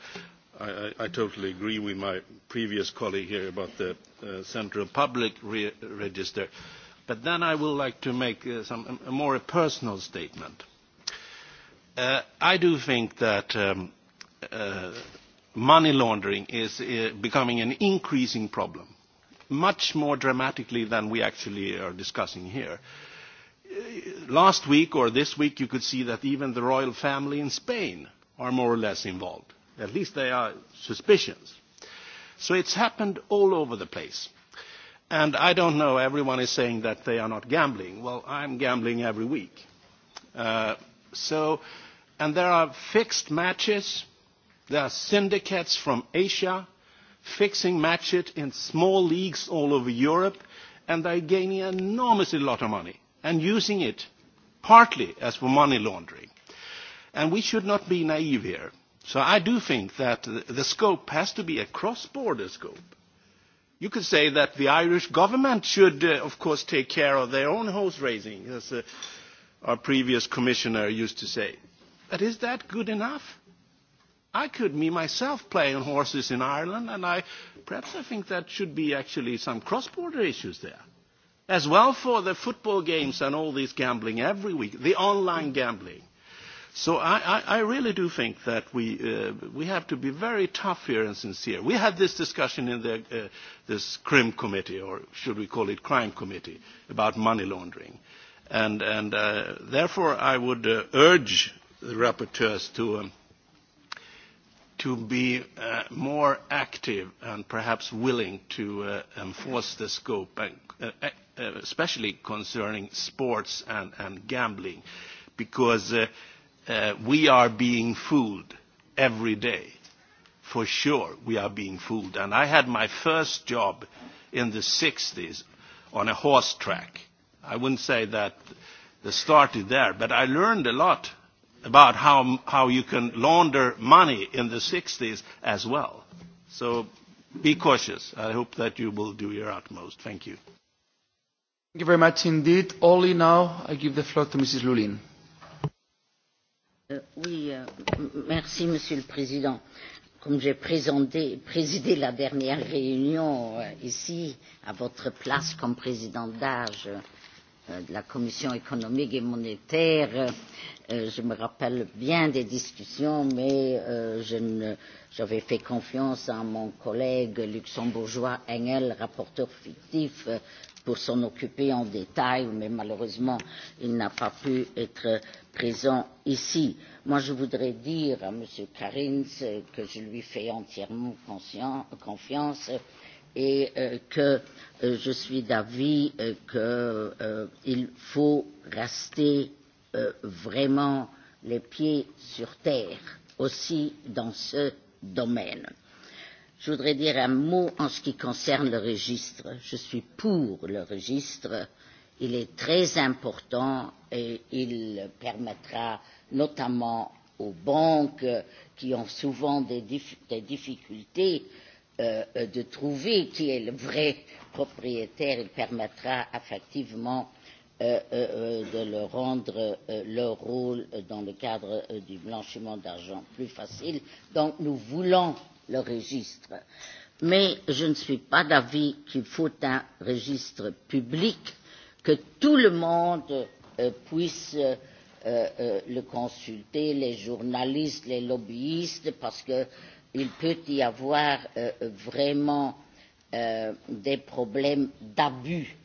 I, I totally agree with my previous colleague here about the uh, central public re register. Uh, But then I would like to make uh, some, a more personal statement. Uh, I do think that um, uh, money laundering is uh, becoming an increasing problem, much more dramatically than we actually are discussing here. Last week or this week, you could see that even the royal family in Spain are more or less involved. At least they are suspicions. So it's happened all over the place And I don't know, everyone is saying that they are not gambling. Well, I'm gambling every week. Uh, so, and there are fixed matches. There are syndicates from Asia fixing matches in small leagues all over Europe, and they're gaining enormously lot of money and using it partly as for money laundering. And we should not be naive here. So I do think that the scope has to be a cross-border scope You could say that the Irish government should, uh, of course, take care of their own horse raising, as uh, our previous commissioner used to say. But is that good enough? I could, me myself, play on horses in Ireland, and I perhaps I think that should be actually some cross-border issues there. As well for the football games and all this gambling every week, the online gambling. So I, I, I really do think that we, uh, we have to be very tough here and sincere. We had this discussion in the, uh, this CRIM committee, or should we call it crime committee, about money laundering. And, and uh, therefore I would uh, urge the rapporteurs to, um, to be uh, more active and perhaps willing to uh, enforce the scope, and, uh, especially concerning sports and, and gambling, because uh, uh, we are being fooled every day. For sure, we are being fooled. And I had my first job in the 60s on a horse track. I wouldn't say that the started there, but I learned a lot about how, how you can launder money in the 60s as well. So be cautious. I hope that you will do your utmost. Thank you. Thank you very much indeed. Only now I give the floor to Mrs. Lulin merci, Monsieur le Président. Comme j'ai présidé la dernière réunion ici, à votre place comme président d'âge de la Commission économique et monétaire, je me rappelle bien des discussions, mais j'avais fait confiance à mon collègue luxembourgeois Engel, rapporteur fictif pour s'en occuper en détail, mais malheureusement, il n'a pas pu être présent ici. Moi, je voudrais dire à M. Karins que je lui fais entièrement confiance et que je suis d'avis qu'il faut rester vraiment les pieds sur terre aussi dans ce domaine Je voudrais dire un mot en ce qui concerne le registre. Je suis pour le registre. Il est très important et il permettra notamment aux banques qui ont souvent des, dif des difficultés euh, de trouver qui est le vrai propriétaire. Il permettra effectivement euh, euh, de leur rendre euh, leur rôle dans le cadre euh, du blanchiment d'argent plus facile. Donc nous voulons le registre. Mais je ne suis pas d'avis qu'il faut un registre public, que tout le monde euh, puisse euh, euh, le consulter, les journalistes, les lobbyistes, parce qu'il peut y avoir euh, vraiment euh, des problèmes d'abus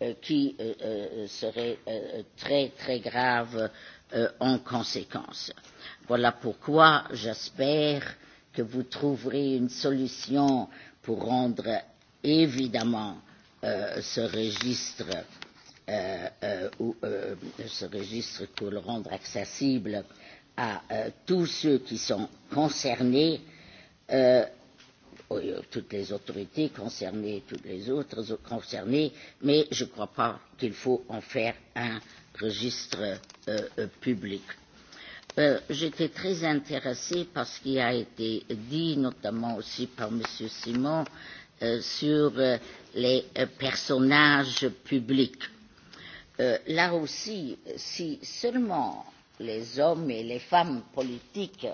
euh, qui euh, euh, seraient euh, très très graves euh, en conséquence. Voilà pourquoi j'espère euh, que vous trouverez une solution pour rendre évidemment euh, ce registre euh, euh, euh, ce registre pour le rendre accessible à euh, tous ceux qui sont concernés, euh, toutes les autorités concernées, toutes les autres concernées, mais je ne crois pas qu'il faut en faire un registre euh, public Euh, J'étais très intéressée par ce qui a été dit, notamment aussi par M. Simon, euh, sur euh, les euh, personnages publics. Euh, là aussi, si seulement les hommes et les femmes politiques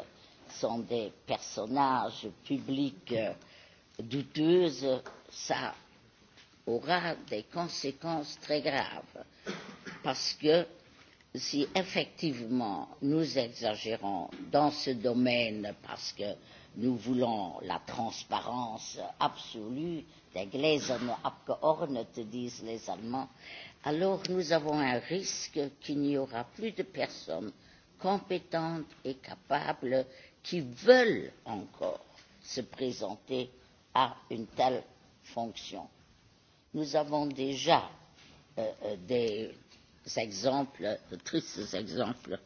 sont des personnages publics douteuses, ça aura des conséquences très graves parce que si effectivement nous exagérons dans ce domaine parce que nous voulons la transparence absolue, des gläserne Abgeordnete disent les Allemands, alors nous avons un risque qu'il n'y aura plus de personnes compétentes et capables qui veulent encore se présenter à une telle fonction. Nous avons déjà euh, des exemples, de tristes exemples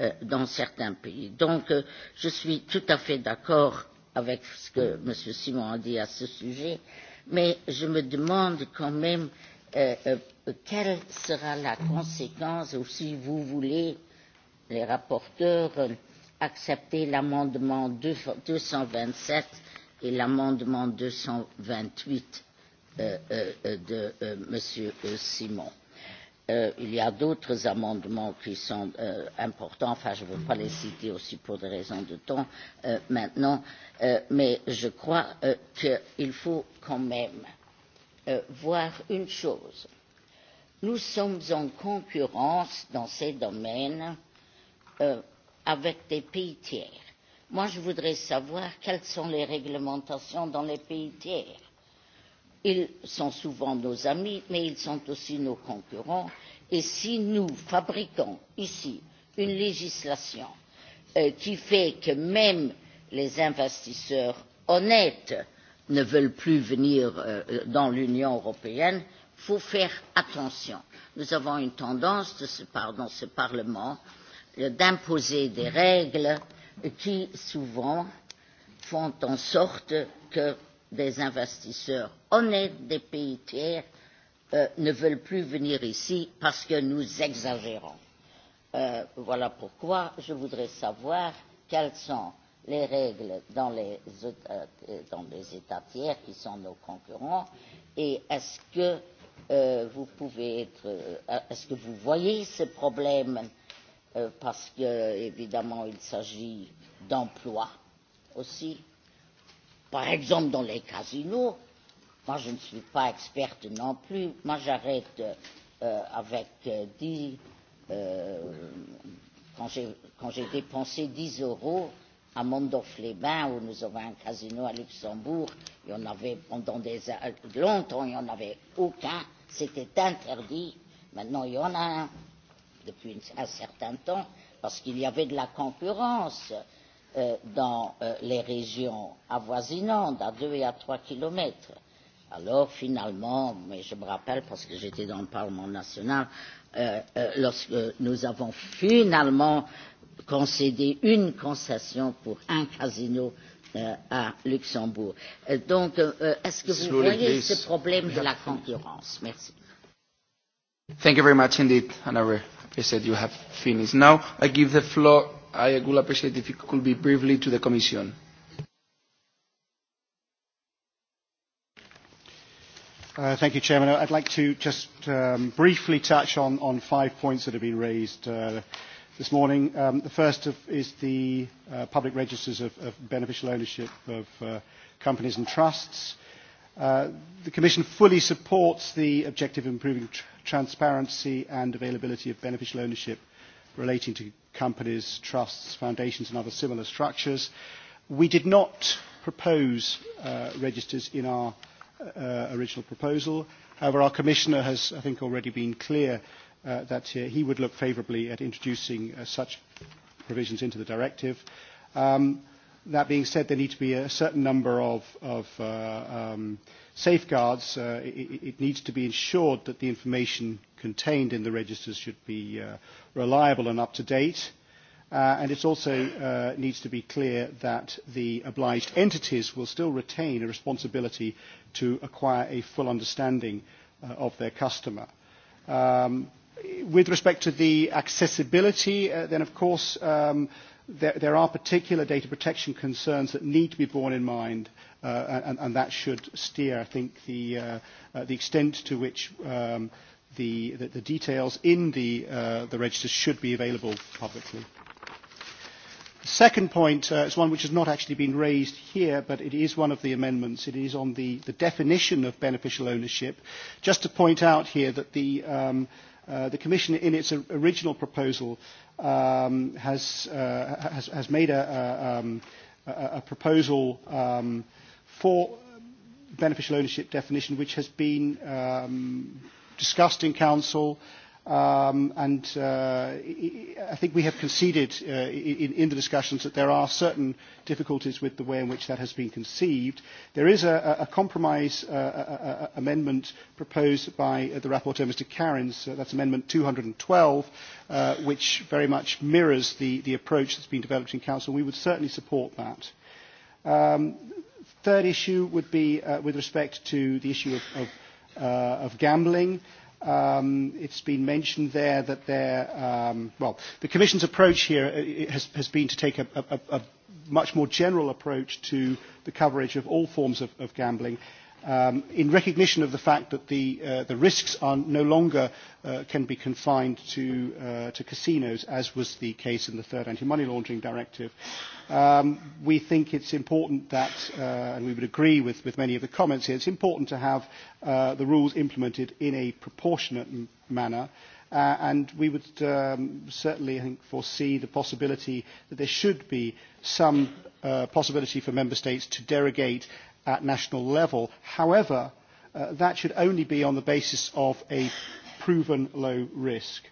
euh, dans certains pays. Donc euh, je suis tout à fait d'accord avec ce que M. Simon a dit à ce sujet, mais je me demande quand même euh, euh, quelle sera la conséquence ou si vous voulez, les rapporteurs, euh, accepter l'amendement deux cent vingt sept et l'amendement deux cent vingt huit de euh, Monsieur Simon il y a d'autres amendements qui sont importants enfin je ne veux pas les citer aussi pour des raisons de temps maintenant mais je crois qu'il faut quand même voir une chose nous sommes en concurrence dans ces domaines avec des pays tiers. je voudrais savoir quelles sont les réglementations dans les pays tiers ils sont souvent nos amis mais ils sont aussi nos concurrents et si nous fabriquons ici une législation qui fait que même les investisseurs honnêtes ne veulent plus venir dans l'union européenne il faut faire attention. nous avons une tendance dans ce parlement d'imposer des règles qui souvent font en sorte que des investisseurs honnêtes des pays tiers ne veulent plus venir ici parce que nous exagérons. voilà pourquoi je voudrais savoir quelles sont les règles dans les, dans les États tiers qui sont nos concurrents et est-ce que euh, vous pouvez être, est-ce que vous voyez ces problèmes euh, parce que évidemment il s'agit d'emplois aussi Par exemple, dans les casinos, moi je ne suis pas experte non plus, moi j'arrête euh, avec euh, 10, euh, quand j'ai dépensé 10 euros à Mondorf-les-Bains, où nous avons un casino à Luxembourg, il y en avait pendant des, longtemps, il n'y en avait aucun, c'était interdit. Maintenant, il y en a un depuis un certain temps, parce qu'il y avait de la concurrence. Euh, dans les régions avoisinantes, à deux et à trois kilomètres. Alors finalement, mais je me rappelle parce que j'étais dans le Parlement national, euh, euh, lorsque nous avons finalement concédé une concession pour un casino euh, à Luxembourg. Euh, donc, euh, est-ce que vous Slowly voyez ce problème de la concurrence Merci. Thank you very much indeed, Anna. I said you have finished. Now I give the floor I would appreciate if you could be briefly to the Commission. Uh, thank you, Chairman. I'd like to just um, briefly touch on, on five points that have been raised uh, this morning. Um, the first of, is the uh, public registers of, of beneficial ownership of uh, companies and trusts. Uh, the Commission fully supports the objective of improving tr transparency and availability of beneficial ownership uh, relating to companies, trusts, foundations and other similar structures. We did not propose uh, registers in our uh, original proposal. However, our Commissioner has, I think, already been clear uh, that he would look favourably at introducing uh, such provisions into the directive. Um, That being said, there need to be a certain number of, of uh, um, safeguards. Uh, it, it needs to be ensured that the information contained in the registers should be uh, reliable and up to date. Uh, and it also uh, needs to be clear that the obliged entities will still retain a responsibility to acquire a full understanding uh, of their customer. Um, with respect to the accessibility, uh, then of course um, uh, there, there are particular data protection concerns that need to be borne in mind, uh, and, and that should steer, I think, the, uh, uh, the extent to which um, the, the, the details in the, uh, the registers should be available publicly. The second point uh, is one which has not actually been raised here, but it is one of the amendments. It is on the, the definition of beneficial ownership. Just to point out here that the um, – the Commission, in its original proposal, um, has, uh, has, has made a, a, um, a proposal um, for beneficial ownership definition, which has been um, discussed in Council, Um, and uh, I think we have conceded uh, in, in the discussions that there are certain difficulties with the way in which that has been conceived. There is a, a compromise uh, a, a amendment proposed by the rapporteur, Mr. Karins, uh, that's Amendment 212, uh, which very much mirrors the, the approach that's been developed in Council. We would certainly support that. Um, third issue would be uh, with respect to the issue of, of, uh, of gambling. Um, it's been mentioned there that there, um, well, the Commission's approach here has, has been to take a, a, a much more general approach to the coverage of all forms of, of gambling in recognition of the fact that the, risks are no longer can be confined to, casinos, as was the case in the third anti-money laundering directive, we think it's important that, and we would agree with, with many of the comments here, it's important to have the rules implemented in a proportionate manner and we would certainly, I think, foresee the possibility that there should be some possibility for member states to derogate at national level. However, that should only be on the basis of a proven low risk.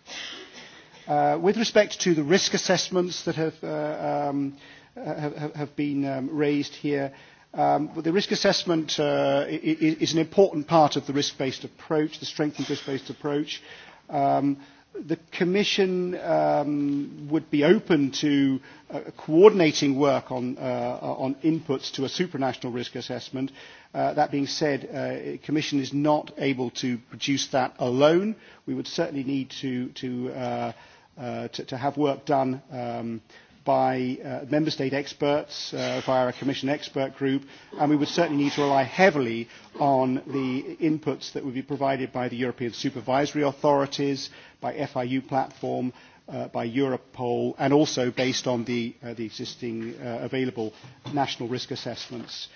with respect to the risk assessments that have, um, have, have been um, raised here, um, the risk assessment uh, is an important part of the risk-based approach, the strengthened risk-based approach. Um, the Commission um, would be open to uh, coordinating work on, uh, on inputs to a supranational risk assessment. Uh, that being said, the uh, Commission is not able to produce that alone. We would certainly need to, to, uh, uh, to, to have work done um, uh, by uh, member state experts uh, via a commission expert group, and we would certainly need to rely heavily on the inputs that would be provided by the European supervisory authorities, by FIU platform, uh, by Europol, and also based on the, uh, the existing uh, available national risk assessments.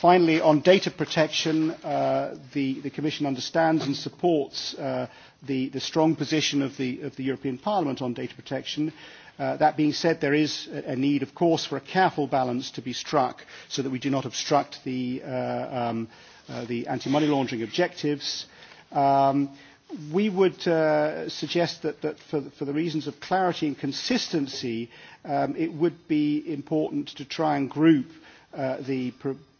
Finally, on data protection, uh, the, the Commission understands and supports uh, the, the strong position of the, of the European Parliament on data protection. Uh, that being said, there is a need, of course, for a careful balance to be struck so that we do not obstruct the, anti-money laundering objectives. we would suggest that, for, the reasons of clarity and consistency, it would be important to try and group the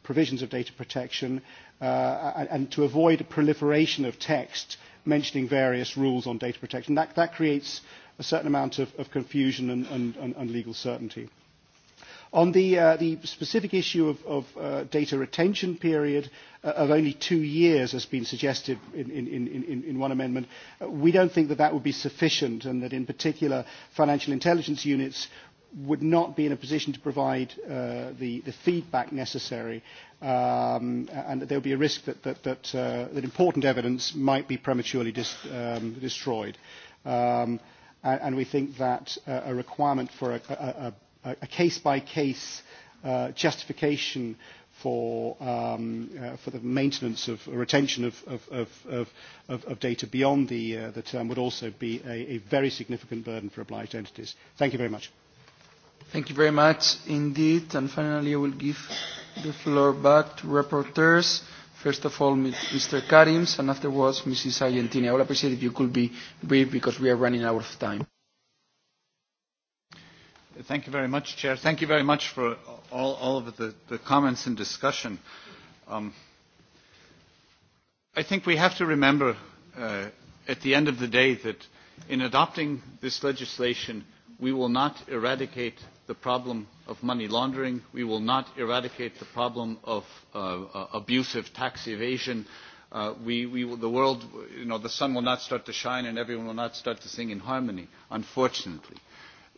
provisions of data protection and to avoid a proliferation of text mentioning various rules on data protection. That, creates a certain amount of, of confusion and, and, and, and legal certainty. On the, uh, the specific issue of, of uh, data retention period uh, of only two years, as been suggested in, in, in, in one amendment, uh, we don't think that that would be sufficient and that in particular financial intelligence units would not be in a position to provide uh, the, the feedback necessary, um, and there would be a risk that, that, that, uh, that important evidence might be prematurely dis, um, destroyed. Um, and, and we think that uh, a requirement for a, a, a case-by-case uh, justification for, um, uh, for the maintenance of retention of, of, of, of, of, of data beyond the, uh, the term would also be a, a very significant burden for obliged entities. Thank you very much. Thank you very much indeed. And finally, I will give the floor back to rapporteurs. First of all, Mr. Karims, and afterwards, Mrs. Argentini. I would appreciate if you could be brief because we are running out of time. Thank you very much, Chair. Thank you very much for all, all of the, the comments and discussion. Um, I think we have to remember uh, at the end of the day that in adopting this legislation, we will not eradicate the problem of money laundering. We will not eradicate the problem of uh, abusive tax evasion. Uh, we, we, the world, you know, the sun will not start to shine and everyone will not start to sing in harmony, unfortunately.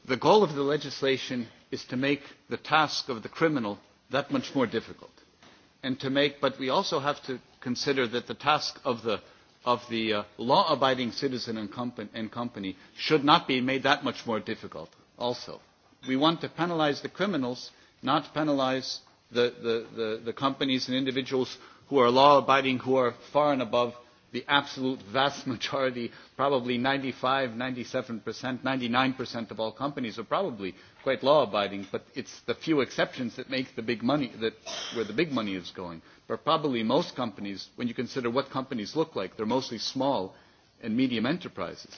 The goal of the legislation is to make the task of the criminal that much more difficult. And to make, but we also have to consider that the task of the of the uh, law-abiding citizen and, comp- and company should not be made that much more difficult also. We want to penalize the criminals, not penalize the, the, the, the companies and individuals who are law-abiding, who are far and above – the absolute vast majority, probably 95, 97%, 99% of all companies are probably quite law-abiding, but it's the few exceptions that make the big money, that, where the big money is going. But probably most companies, when you consider what companies look like, they're mostly small and medium enterprises.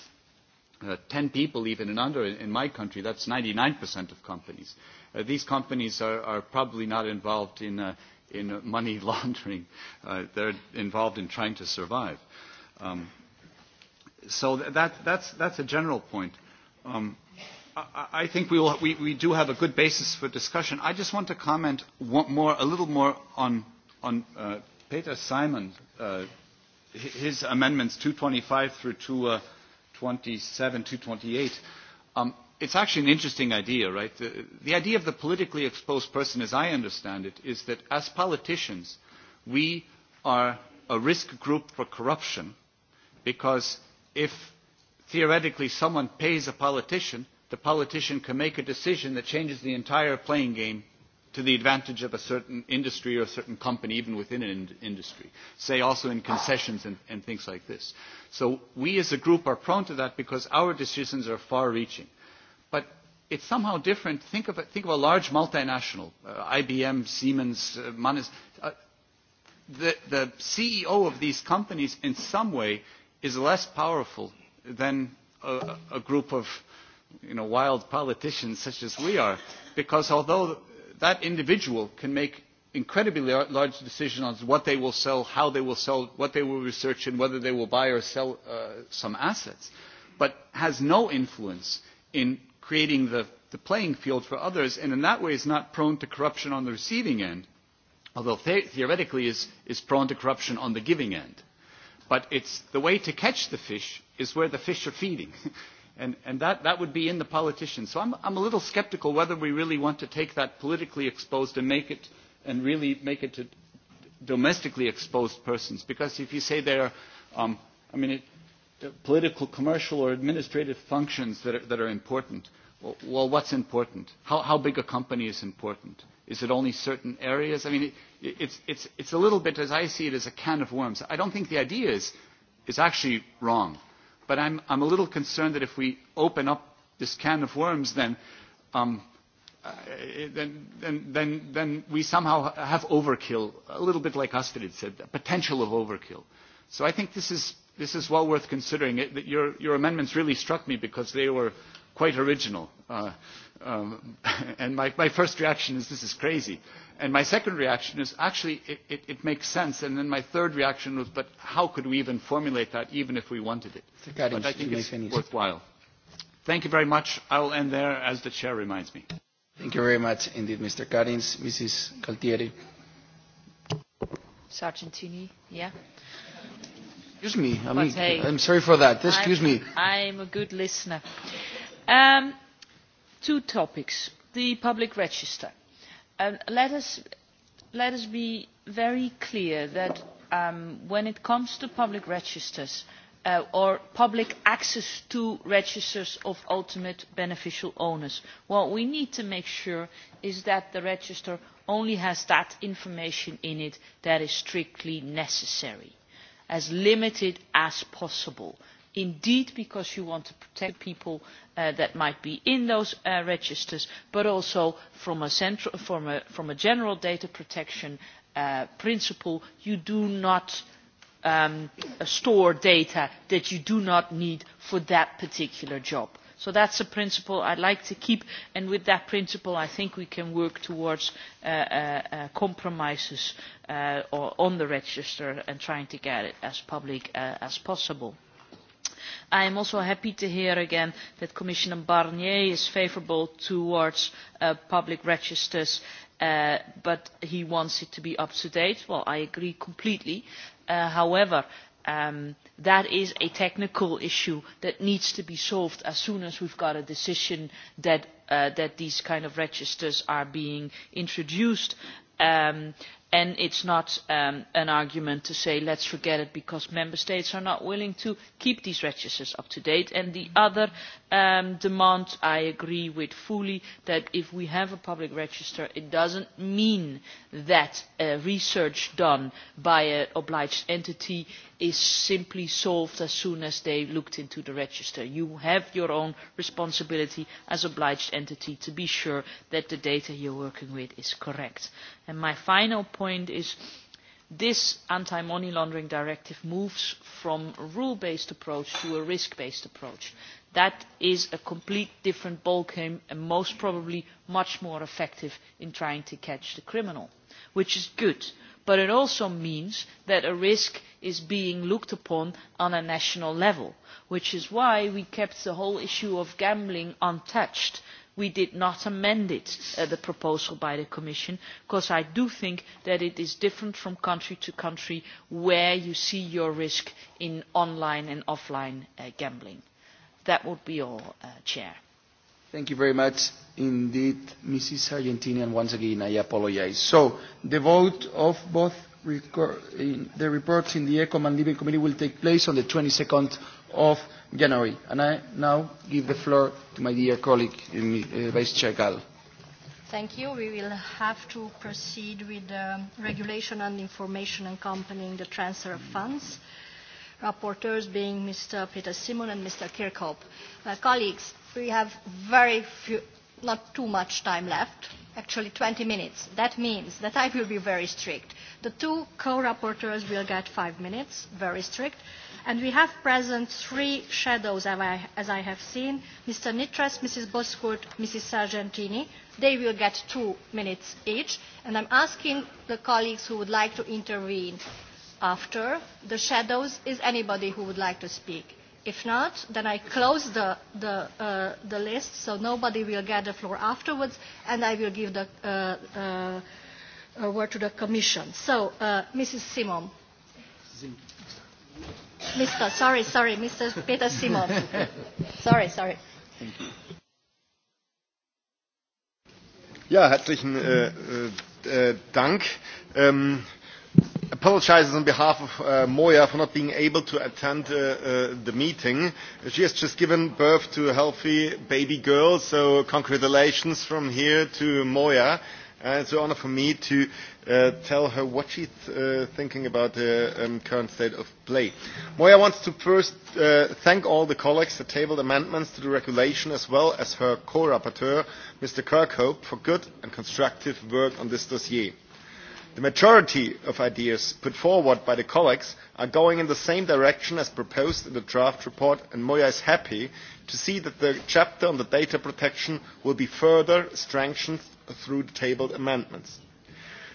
Uh, 10 people even and under in my country, that's 99% of companies. Uh, these companies are, are probably not involved in uh, in money laundering. Uh, they're involved in trying to survive. Um, so that, that's, that's a general point. Um, I, I think we, will, we, we do have a good basis for discussion. I just want to comment one more, a little more on, on uh, Peter Simon, uh, his amendments 225 through 227, 228. Um, it's actually an interesting idea, right? The, the idea of the politically exposed person, as I understand it, is that as politicians, we are a risk group for corruption because if theoretically someone pays a politician, the politician can make a decision that changes the entire playing game to the advantage of a certain industry or a certain company, even within an industry, say also in concessions and, and things like this. So we as a group are prone to that because our decisions are far-reaching. But it's somehow different. Think of a, think of a large multinational, uh, IBM, Siemens, uh, Manis. Uh, the, the CEO of these companies, in some way, is less powerful than a, a group of you know, wild politicians such as we are, because although that individual can make incredibly large decisions on what they will sell, how they will sell, what they will research, and whether they will buy or sell uh, some assets, but has no influence in creating the, the playing field for others, and in that way is not prone to corruption on the receiving end, although the- theoretically is, is prone to corruption on the giving end. But it's the way to catch the fish is where the fish are feeding. and and that, that would be in the politicians. So I'm, I'm a little skeptical whether we really want to take that politically exposed and make it and really make it to domestically exposed persons. Because if you say they're, um, I mean, it, political, commercial, or administrative functions that are, that are important. Well, what's important? How, how big a company is important? Is it only certain areas? I mean, it, it's, it's, it's a little bit, as I see it, as a can of worms. I don't think the idea is, is actually wrong. But I'm, I'm a little concerned that if we open up this can of worms, then, um, then, then, then, then we somehow have overkill, a little bit like Astrid said, the potential of overkill. So I think this is this is well worth considering. your, your amendments really struck me because they were quite original. Uh, um, and my, my first reaction is, this is crazy. And my second reaction is, actually, it, it, it makes sense. And then my third reaction was, but how could we even formulate that, even if we wanted it? But I think it's worthwhile. Thank you very much. I will end there, as the chair reminds me. Thank you very much indeed, Mr. Karins. Mrs. Galtieri. Sargentini, yeah. Excuse me, I mean, hey, I'm sorry for that. Excuse I'm, me. I'm a good listener. Um, two topics. The public register. Um, let, us, let us be very clear that um, when it comes to public registers uh, or public access to registers of ultimate beneficial owners, what we need to make sure is that the register only has that information in it that is strictly necessary as limited as possible indeed because you want to protect people that might be in those registers but also from a general data protection principle you do not store data that you do not need for that particular job so that is a principle i would like to keep and with that principle i think we can work towards compromises on the register and trying to get it as public as possible. I am also happy to hear again that Commissioner Barnier is favourable towards public registers, but he wants it to be up to date. Well, I agree completely. however, that is a technical issue that needs to be solved as soon as we have got a decision that, these kind of registers are being introduced. Um, and it's not an argument to say let's forget it because member states are not willing to keep these registers up to date. the other demand i agree with fully that if we have a public register it does not mean that research done by an obliged entity is simply solved as soon as they looked into the register. you have your own responsibility as an obliged entity to be sure that the data you are working with is correct. my final point is that this anti money laundering directive moves from a rule based approach to a risk based approach that is a completely different ballgame and most probably much more effective in trying to catch the criminal, which is good. But it also means that a risk is being looked upon on a national level, which is why we kept the whole issue of gambling untouched. We did not amend it, uh, the proposal by the Commission, because I do think that it is different from country to country where you see your risk in online and offline uh, gambling That would be all, uh, Chair. Thank you very much indeed, Mrs. Argentini, and once again, I apologize. So, the vote of both the reports in the ECOM and Living Committee will take place on the 22nd of January. And I now give the floor to my dear colleague, uh, Vice Chair Gall. Thank you. We will have to proceed with the regulation and information accompanying the transfer of funds. Mm -hmm rapporteurs being Mr. Peter Simon and Mr. Kirkhope. Uh, colleagues, we have very few, not too much time left, actually 20 minutes. That means that I will be very strict. The two co-rapporteurs will get five minutes, very strict. And we have present three shadows, as I have seen, Mr. Nitras, Mrs. Boscourt, Mrs. Sargentini. They will get two minutes each. And I'm asking the colleagues who would like to intervene after the shadows is anybody who would like to speak. If not, then I close the, the, uh, the list so nobody will get the floor afterwards and I will give the uh, uh, word to the Commission. So, uh, Mrs. Simon. Mr. Sorry, sorry, Mr. Peter Simon. sorry, sorry. Thank you. Ja, herzlichen äh, äh, Dank. Ähm, apologizes on behalf of uh, Moya for not being able to attend uh, uh, the meeting. She has just given birth to a healthy baby girl, so congratulations from here to Moya. Uh, it's an honor for me to uh, tell her what she's uh, thinking about the um, current state of play. Moya wants to first uh, thank all the colleagues that tabled amendments to the regulation as well as her co-rapporteur, Mr. Kirkhope, for good and constructive work on this dossier the majority of ideas put forward by the colleagues are going in the same direction as proposed in the draft report and moya is happy to see that the chapter on data protection will be further strengthened through the tabled amendments.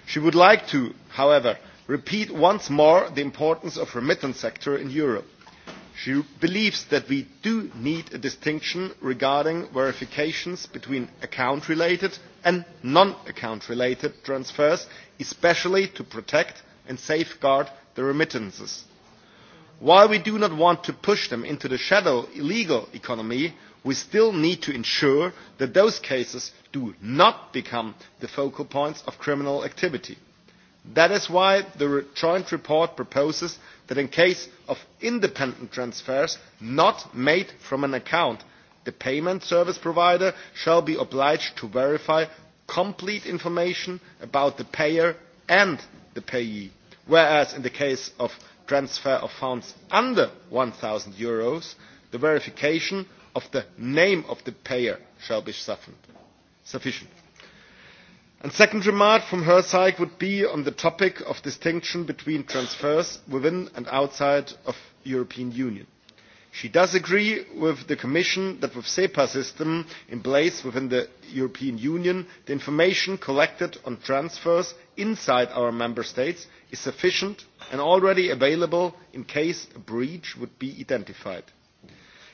she would like to however repeat once more the importance of the remittance sector in europe she believes that we do need a distinction regarding verifications between account related and non account related transfers especially to protect and safeguard the remittances. while we do not want to push them into the shadow illegal economy we still need to ensure that those cases do not become the focal points of criminal activity. That is why the joint report proposes that in case of independent transfers not made from an account, the payment service provider shall be obliged to verify complete information about the payer and the payee, whereas in the case of transfer of funds under EUR 1,000 euros, the verification of the name of the payer shall be sufficient A second remark from her side would be on the topic of distinction between transfers within and outside of the European Union. She does agree with the Commission that with the SEPA system in place within the European Union, the information collected on transfers inside our member states is sufficient and already available in case a breach would be identified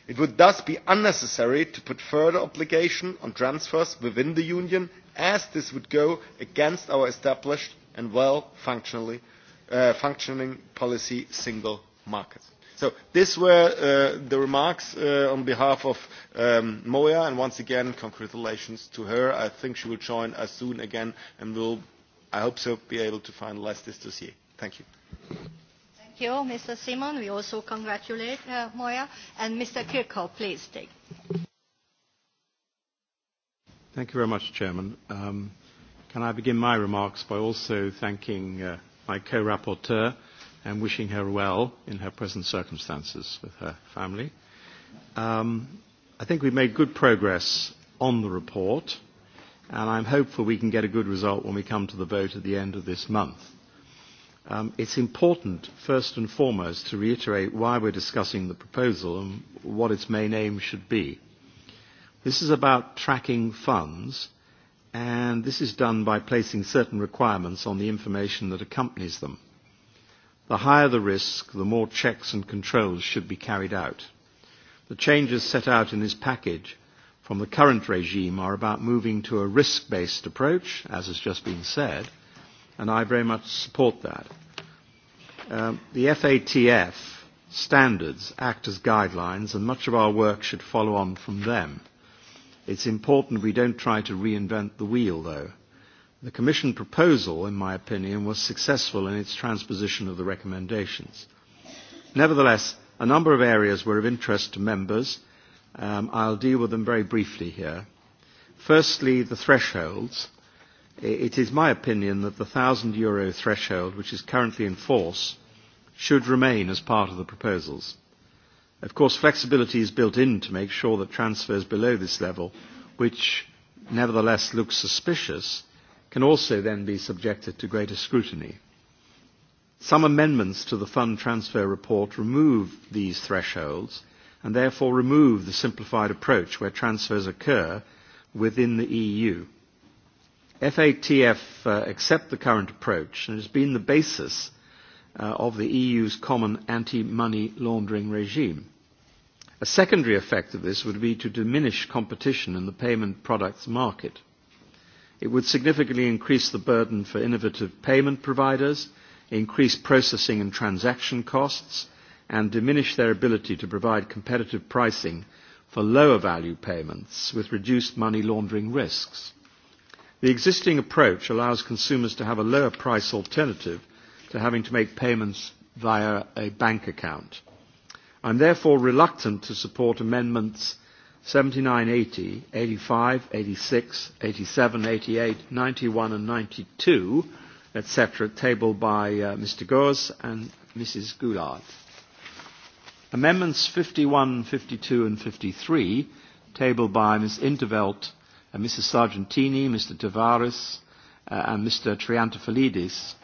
It would thus be unnecessary to put further obligation on transfers within the Union, as this would go against our established and well functioning policy single market. So these were the remarks on behalf of Moya, and once again, congratulations to her. I think she will join us soon again, and will, I hope so, be able to finalise this dossier. Thank you. Thank you, Mr. Simon. We also congratulate uh, Moya. And Mr. Kirchhoff, please take. Thank you very much, Chairman. Um, can I begin my remarks by also thanking uh, my co-rapporteur and wishing her well in her present circumstances with her family. Um, I think we've made good progress on the report, and I'm hopeful we can get a good result when we come to the vote at the end of this month. Um, it's important, first and foremost, to reiterate why we're discussing the proposal and what its main aim should be. This is about tracking funds, and this is done by placing certain requirements on the information that accompanies them. The higher the risk, the more checks and controls should be carried out. The changes set out in this package from the current regime are about moving to a risk-based approach, as has just been said – and I very much support that. Um, the FATF standards act as guidelines, and much of our work should follow on from them. It's important we don't try to reinvent the wheel, though. The Commission proposal, in my opinion, was successful in its transposition of the recommendations. Nevertheless, a number of areas were of interest to members. Um, I'll deal with them very briefly here. Firstly, the thresholds it is my opinion that the thousand euro threshold, which is currently in force, should remain as part of the proposals. Of course, flexibility is built in to make sure that transfers below this level, which nevertheless look suspicious, can also then be subjected to greater scrutiny. Some amendments to the fund transfer report remove these thresholds and therefore remove the simplified approach where transfers occur within the EU FATF uh, accept the current approach and has been the basis uh, of the EU's common anti-money laundering regime. A secondary effect of this would be to diminish competition in the payment products market. It would significantly increase the burden for innovative payment providers, increase processing and transaction costs, and diminish their ability to provide competitive pricing for lower value payments with reduced money laundering risks. The existing approach allows consumers to have a lower price alternative to having to make payments via a bank account. I am therefore reluctant to support amendments eighty 85, 86, 87, 88, 91 and 92, etc., tabled by uh, Mr. Gores and Mrs. Goulard. Amendments 51, 52 and 53, tabled by Ms. Intervelt uh, Mrs. Sargentini, Mr. Tavares, uh, and Mr. Triantafilidis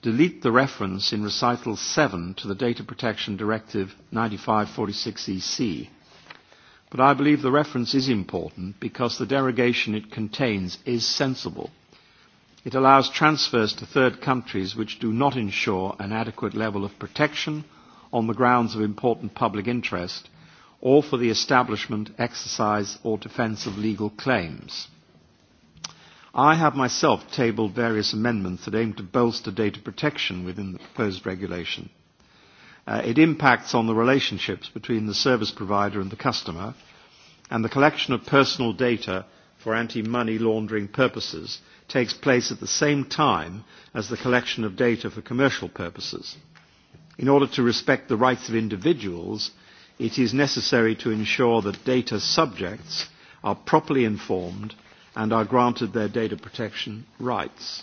delete the reference in recital 7 to the Data Protection Directive 9546EC. But I believe the reference is important because the derogation it contains is sensible. It allows transfers to third countries which do not ensure an adequate level of protection on the grounds of important public interest or for the establishment, exercise, or defence of legal claims. I have myself tabled various amendments that aim to bolster data protection within the proposed regulation. Uh, it impacts on the relationships between the service provider and the customer, and the collection of personal data for anti-money laundering purposes takes place at the same time as the collection of data for commercial purposes. In order to respect the rights of individuals, it is necessary to ensure that data subjects are properly informed and are granted their data protection rights.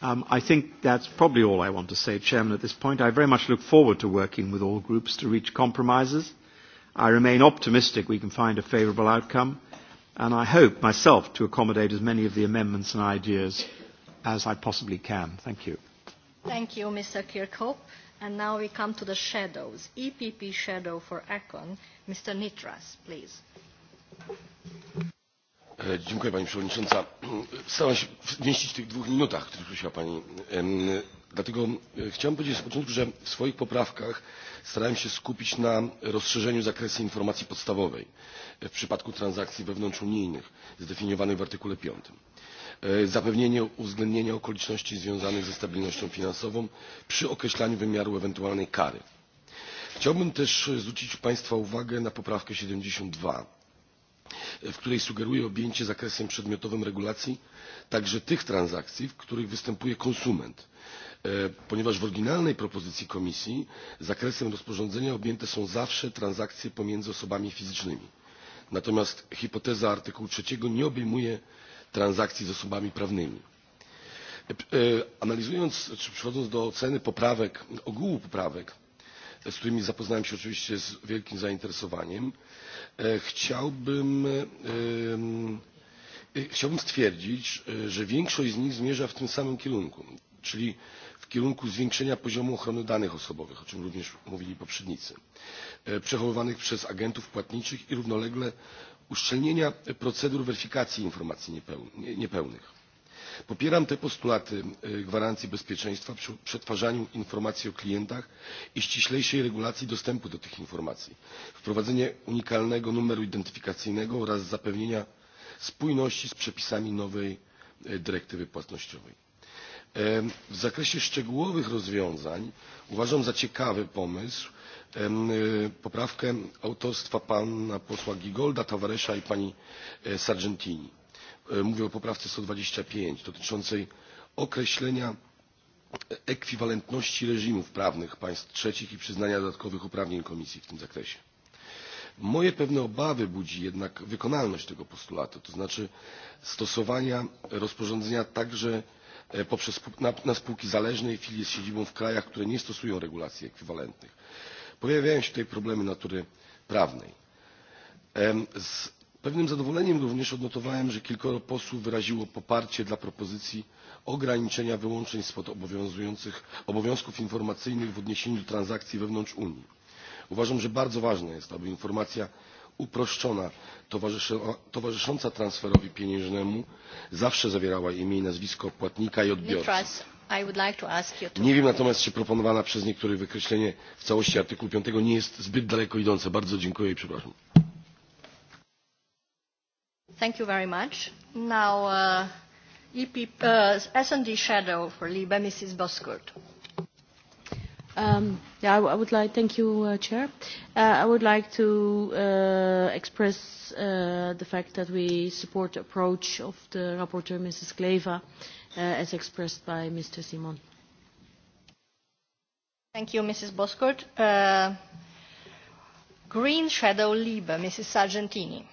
Um, I think that's probably all I want to say, Chairman, at this point. I very much look forward to working with all groups to reach compromises. I remain optimistic we can find a favourable outcome, and I hope myself to accommodate as many of the amendments and ideas as I possibly can. Thank you. Thank you, Mr. Kirkhope. And now we come to the shadows. EPP shadow for ECON, Mr. Nitras, please. Dziękuję Pani Przewodnicząca. Staram się zmieścić w tych dwóch minutach, które prosiła Pani. Dlatego chciałem powiedzieć z początku, że w swoich poprawkach starałem się skupić na rozszerzeniu zakresu informacji podstawowej w przypadku transakcji wewnątrzunijnych zdefiniowanych w artykule 5 zapewnienie uwzględnienia okoliczności związanych ze stabilnością finansową przy określaniu wymiaru ewentualnej kary. Chciałbym też zwrócić Państwa uwagę na poprawkę 72, w której sugeruje objęcie zakresem przedmiotowym regulacji także tych transakcji, w których występuje konsument, ponieważ w oryginalnej propozycji Komisji zakresem rozporządzenia objęte są zawsze transakcje pomiędzy osobami fizycznymi. Natomiast hipoteza artykułu trzeciego nie obejmuje transakcji z osobami prawnymi. Analizując, czy przechodząc do oceny poprawek, ogółu poprawek, z którymi zapoznałem się oczywiście z wielkim zainteresowaniem, chciałbym, chciałbym stwierdzić, że większość z nich zmierza w tym samym kierunku, czyli w kierunku zwiększenia poziomu ochrony danych osobowych, o czym również mówili poprzednicy, przechowywanych przez agentów płatniczych i równolegle uszczelnienia procedur weryfikacji informacji niepełnych. Popieram te postulaty gwarancji bezpieczeństwa przy przetwarzaniu informacji o klientach i ściślejszej regulacji dostępu do tych informacji, wprowadzenie unikalnego numeru identyfikacyjnego oraz zapewnienia spójności z przepisami nowej dyrektywy płatnościowej. W zakresie szczegółowych rozwiązań uważam za ciekawy pomysł poprawkę autorstwa pana posła Gigolda, Tavaresa i pani Sargentini. Mówię o poprawce sto dwadzieścia pięć dotyczącej określenia ekwiwalentności reżimów prawnych państw trzecich i przyznania dodatkowych uprawnień Komisji w tym zakresie. Moje pewne obawy budzi jednak wykonalność tego postulatu, to znaczy stosowania rozporządzenia także poprzez, na, na spółki zależne i filie z siedzibą w krajach, które nie stosują regulacji ekwiwalentnych pojawiają się tutaj problemy natury prawnej. Z pewnym zadowoleniem również odnotowałem, że kilkoro posłów wyraziło poparcie dla propozycji ograniczenia wyłączeń spod obowiązków informacyjnych w odniesieniu do transakcji wewnątrz Unii. Uważam, że bardzo ważne jest, aby informacja uproszczona towarzysząca transferowi pieniężnemu zawsze zawierała imię i nazwisko płatnika i odbiorcy Nie wiem natomiast, czy proponowane przez niektórych wykreślenie w całości artykułu 5 nie jest zbyt daleko idące. Bardzo dziękuję i przepraszam. Thank you very much. Now, uh, EP, uh, S&D Shadow for Libe, Mrs. Boskurt. Um, yeah, I I would like, thank you, uh, Chair. Uh, I would like to uh, express uh, the fact that we support the approach of the rapporteur, Mrs. Kleva, uh, as expressed by Mr. Simon. Thank you, Mrs. Boscourt. Uh, Green Shadow Libre, Mrs. Sargentini.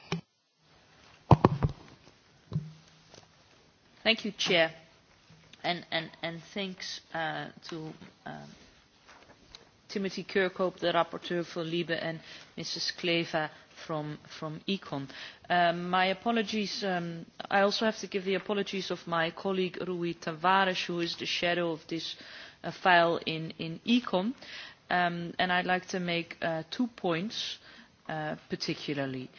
Thank you, Chair, and, and, and thanks uh, to um, Timothy Kirkhope, the rapporteur for Libre, and Mrs. Kleva from from econ um, my apologies um, i also have to give the apologies of my colleague rui tavares who is the shadow of this uh, file in in econ um, and i'd like to make uh, two points uh, particularly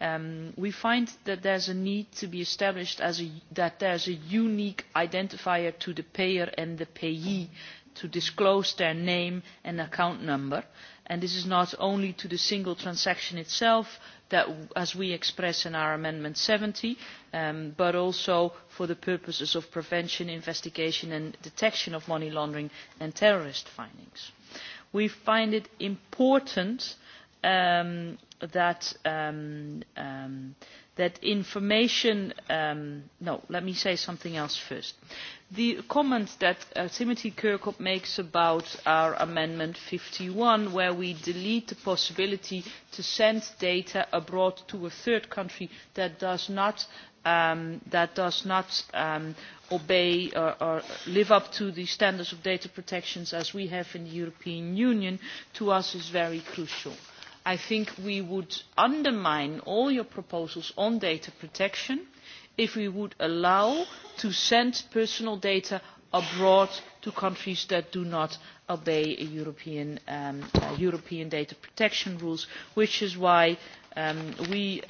um, we find that there's a need to be established as a, that there's a unique identifier to the payer and the payee to disclose their name and account number. And this is not only to the single transaction itself, that, as we express in our Amendment 70, um, but also for the purposes of prevention, investigation and detection of money laundering and terrorist findings. We find it important um, that um, um, that information um, no let me say something else first the comment that Timothy Kirkhope makes about our Amendment fifty one, where we delete the possibility to send data abroad to a third country that does not that does not obey or, live up to the standards of data protection as we have in the European Union, to us is very crucial. I think we would undermine all your proposals on data protection if we would allow to send personal data abroad to countries that do not obey European, data protection rules, which is why we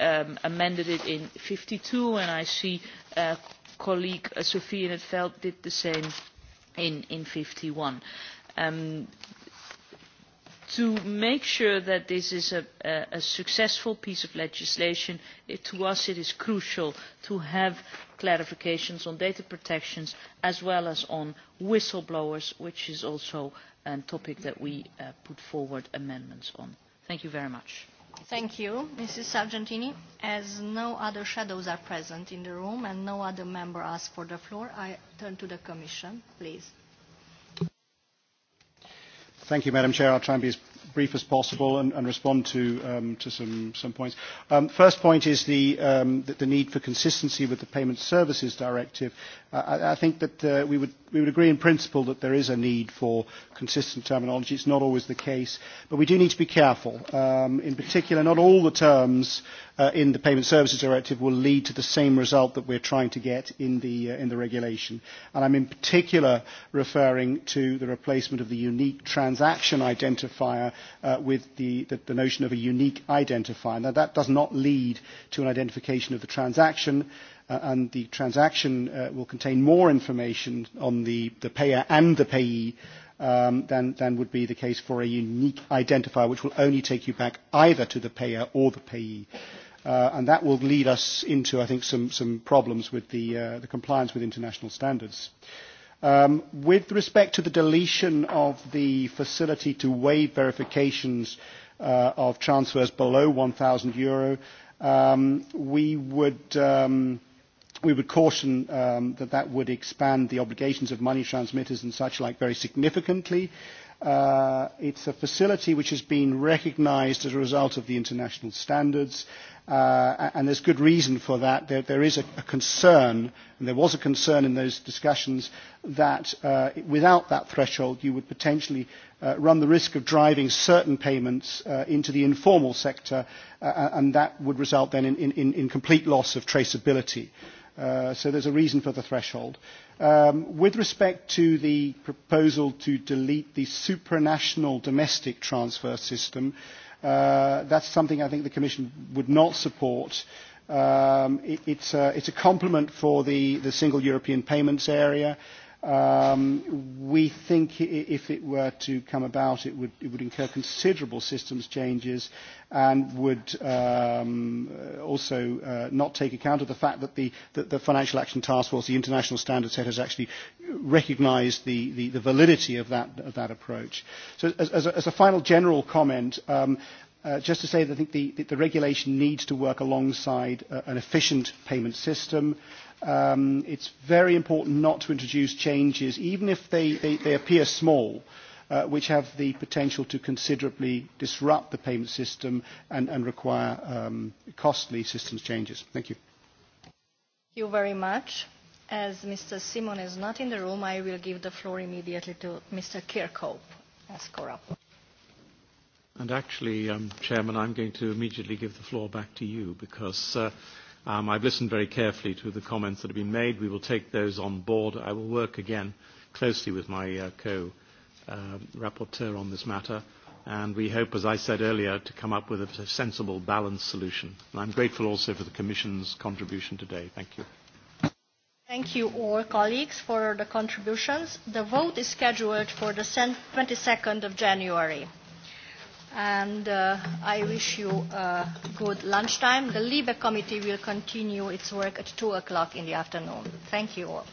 amended it in fifty two and I see colleague Sophie Veld did the same in, fifty one to make sure that this is a, a, successful piece of legislation, it, to us it is crucial to have clarifications on data protections as well as on whistleblowers, which is also a topic that we uh, put forward amendments on. Thank you very much. Thank you, Mrs. Sargentini. As no other shadows are present in the room and no other member asked for the floor, I turn to the Commission, please. Thank you, Madam Chair. try and be as brief as possible and, and respond to, um, to some, some points. Um, first point is the, um, the, the need for consistency with the Payment Services Directive. Uh, I, I think that uh, we, would, we would agree in principle that there is a need for consistent terminology. It's not always the case, but we do need to be careful. Um, in particular, not all the terms uh, in the Payment Services Directive will lead to the same result that we're trying to get in the, uh, in the regulation. And I'm in particular referring to the replacement of the unique transaction identifier with the, the, notion of a unique identifier. Now, that does not lead to an identification of the transaction, and the transaction will contain more information on the, the payer and the payee than, than would be the case for a unique identifier, which will only take you back either to the payer or the payee. Uh, and that will lead us into, I think, some, some problems with the, uh, the compliance with international standards. Uh, Um, with respect to the deletion of the facility to waive verifications uh, of transfers below 1,000 euro, um, we would um, we would caution um, that that would expand the obligations of money transmitters and such like very significantly Uh, it's a facility which has been recognised as a result of the international standards, uh, and there's good reason for that. There, there is a, a concern, and there was a concern in those discussions, that uh, without that threshold you would potentially uh, run the risk of driving certain payments uh, into the informal sector, uh, and that would result then in, in, in complete loss of traceability. Uh, so there's a reason for the threshold. Uh, Um, with respect to the proposal to delete the supranational domestic transfer system, uh, that's something I think the Commission would not support. Um, it, it's, a, it's a for the, the single European payments area. Um, we think if it were to come about, it would, it would incur considerable systems changes and would um, also uh, not take account of the fact that the, that the Financial Action Task Force, the international standard set, has actually recognised the, the, the validity of that, of that approach. So as, as, a, as a final general comment, um, just to say that I think the, the regulation needs to work alongside an efficient payment system um, it's very important not to introduce changes, even if they, they, they appear small, uh, which have the potential to considerably disrupt the payment system and, and require um, costly systems changes. Thank you. Thank you very much. As Mr. Simon is not in the room, I will give the floor immediately to Mr. Kirkhope as co And actually, um, Chairman, I'm going to immediately give the floor back to you because uh, Um, I've listened very carefully to the comments that have been made. We will take those on board. I will work again closely with my uh, co-rapporteur on this matter. And we hope, as I said earlier, to come up with a sensible, balanced solution. And I'm grateful also for the Commission's contribution today. Thank you. Thank you all colleagues for the contributions. The vote is scheduled for the 22nd of January and uh, I wish you a good lunchtime. The LIBE committee will continue its work at 2 o'clock in the afternoon. Thank you all.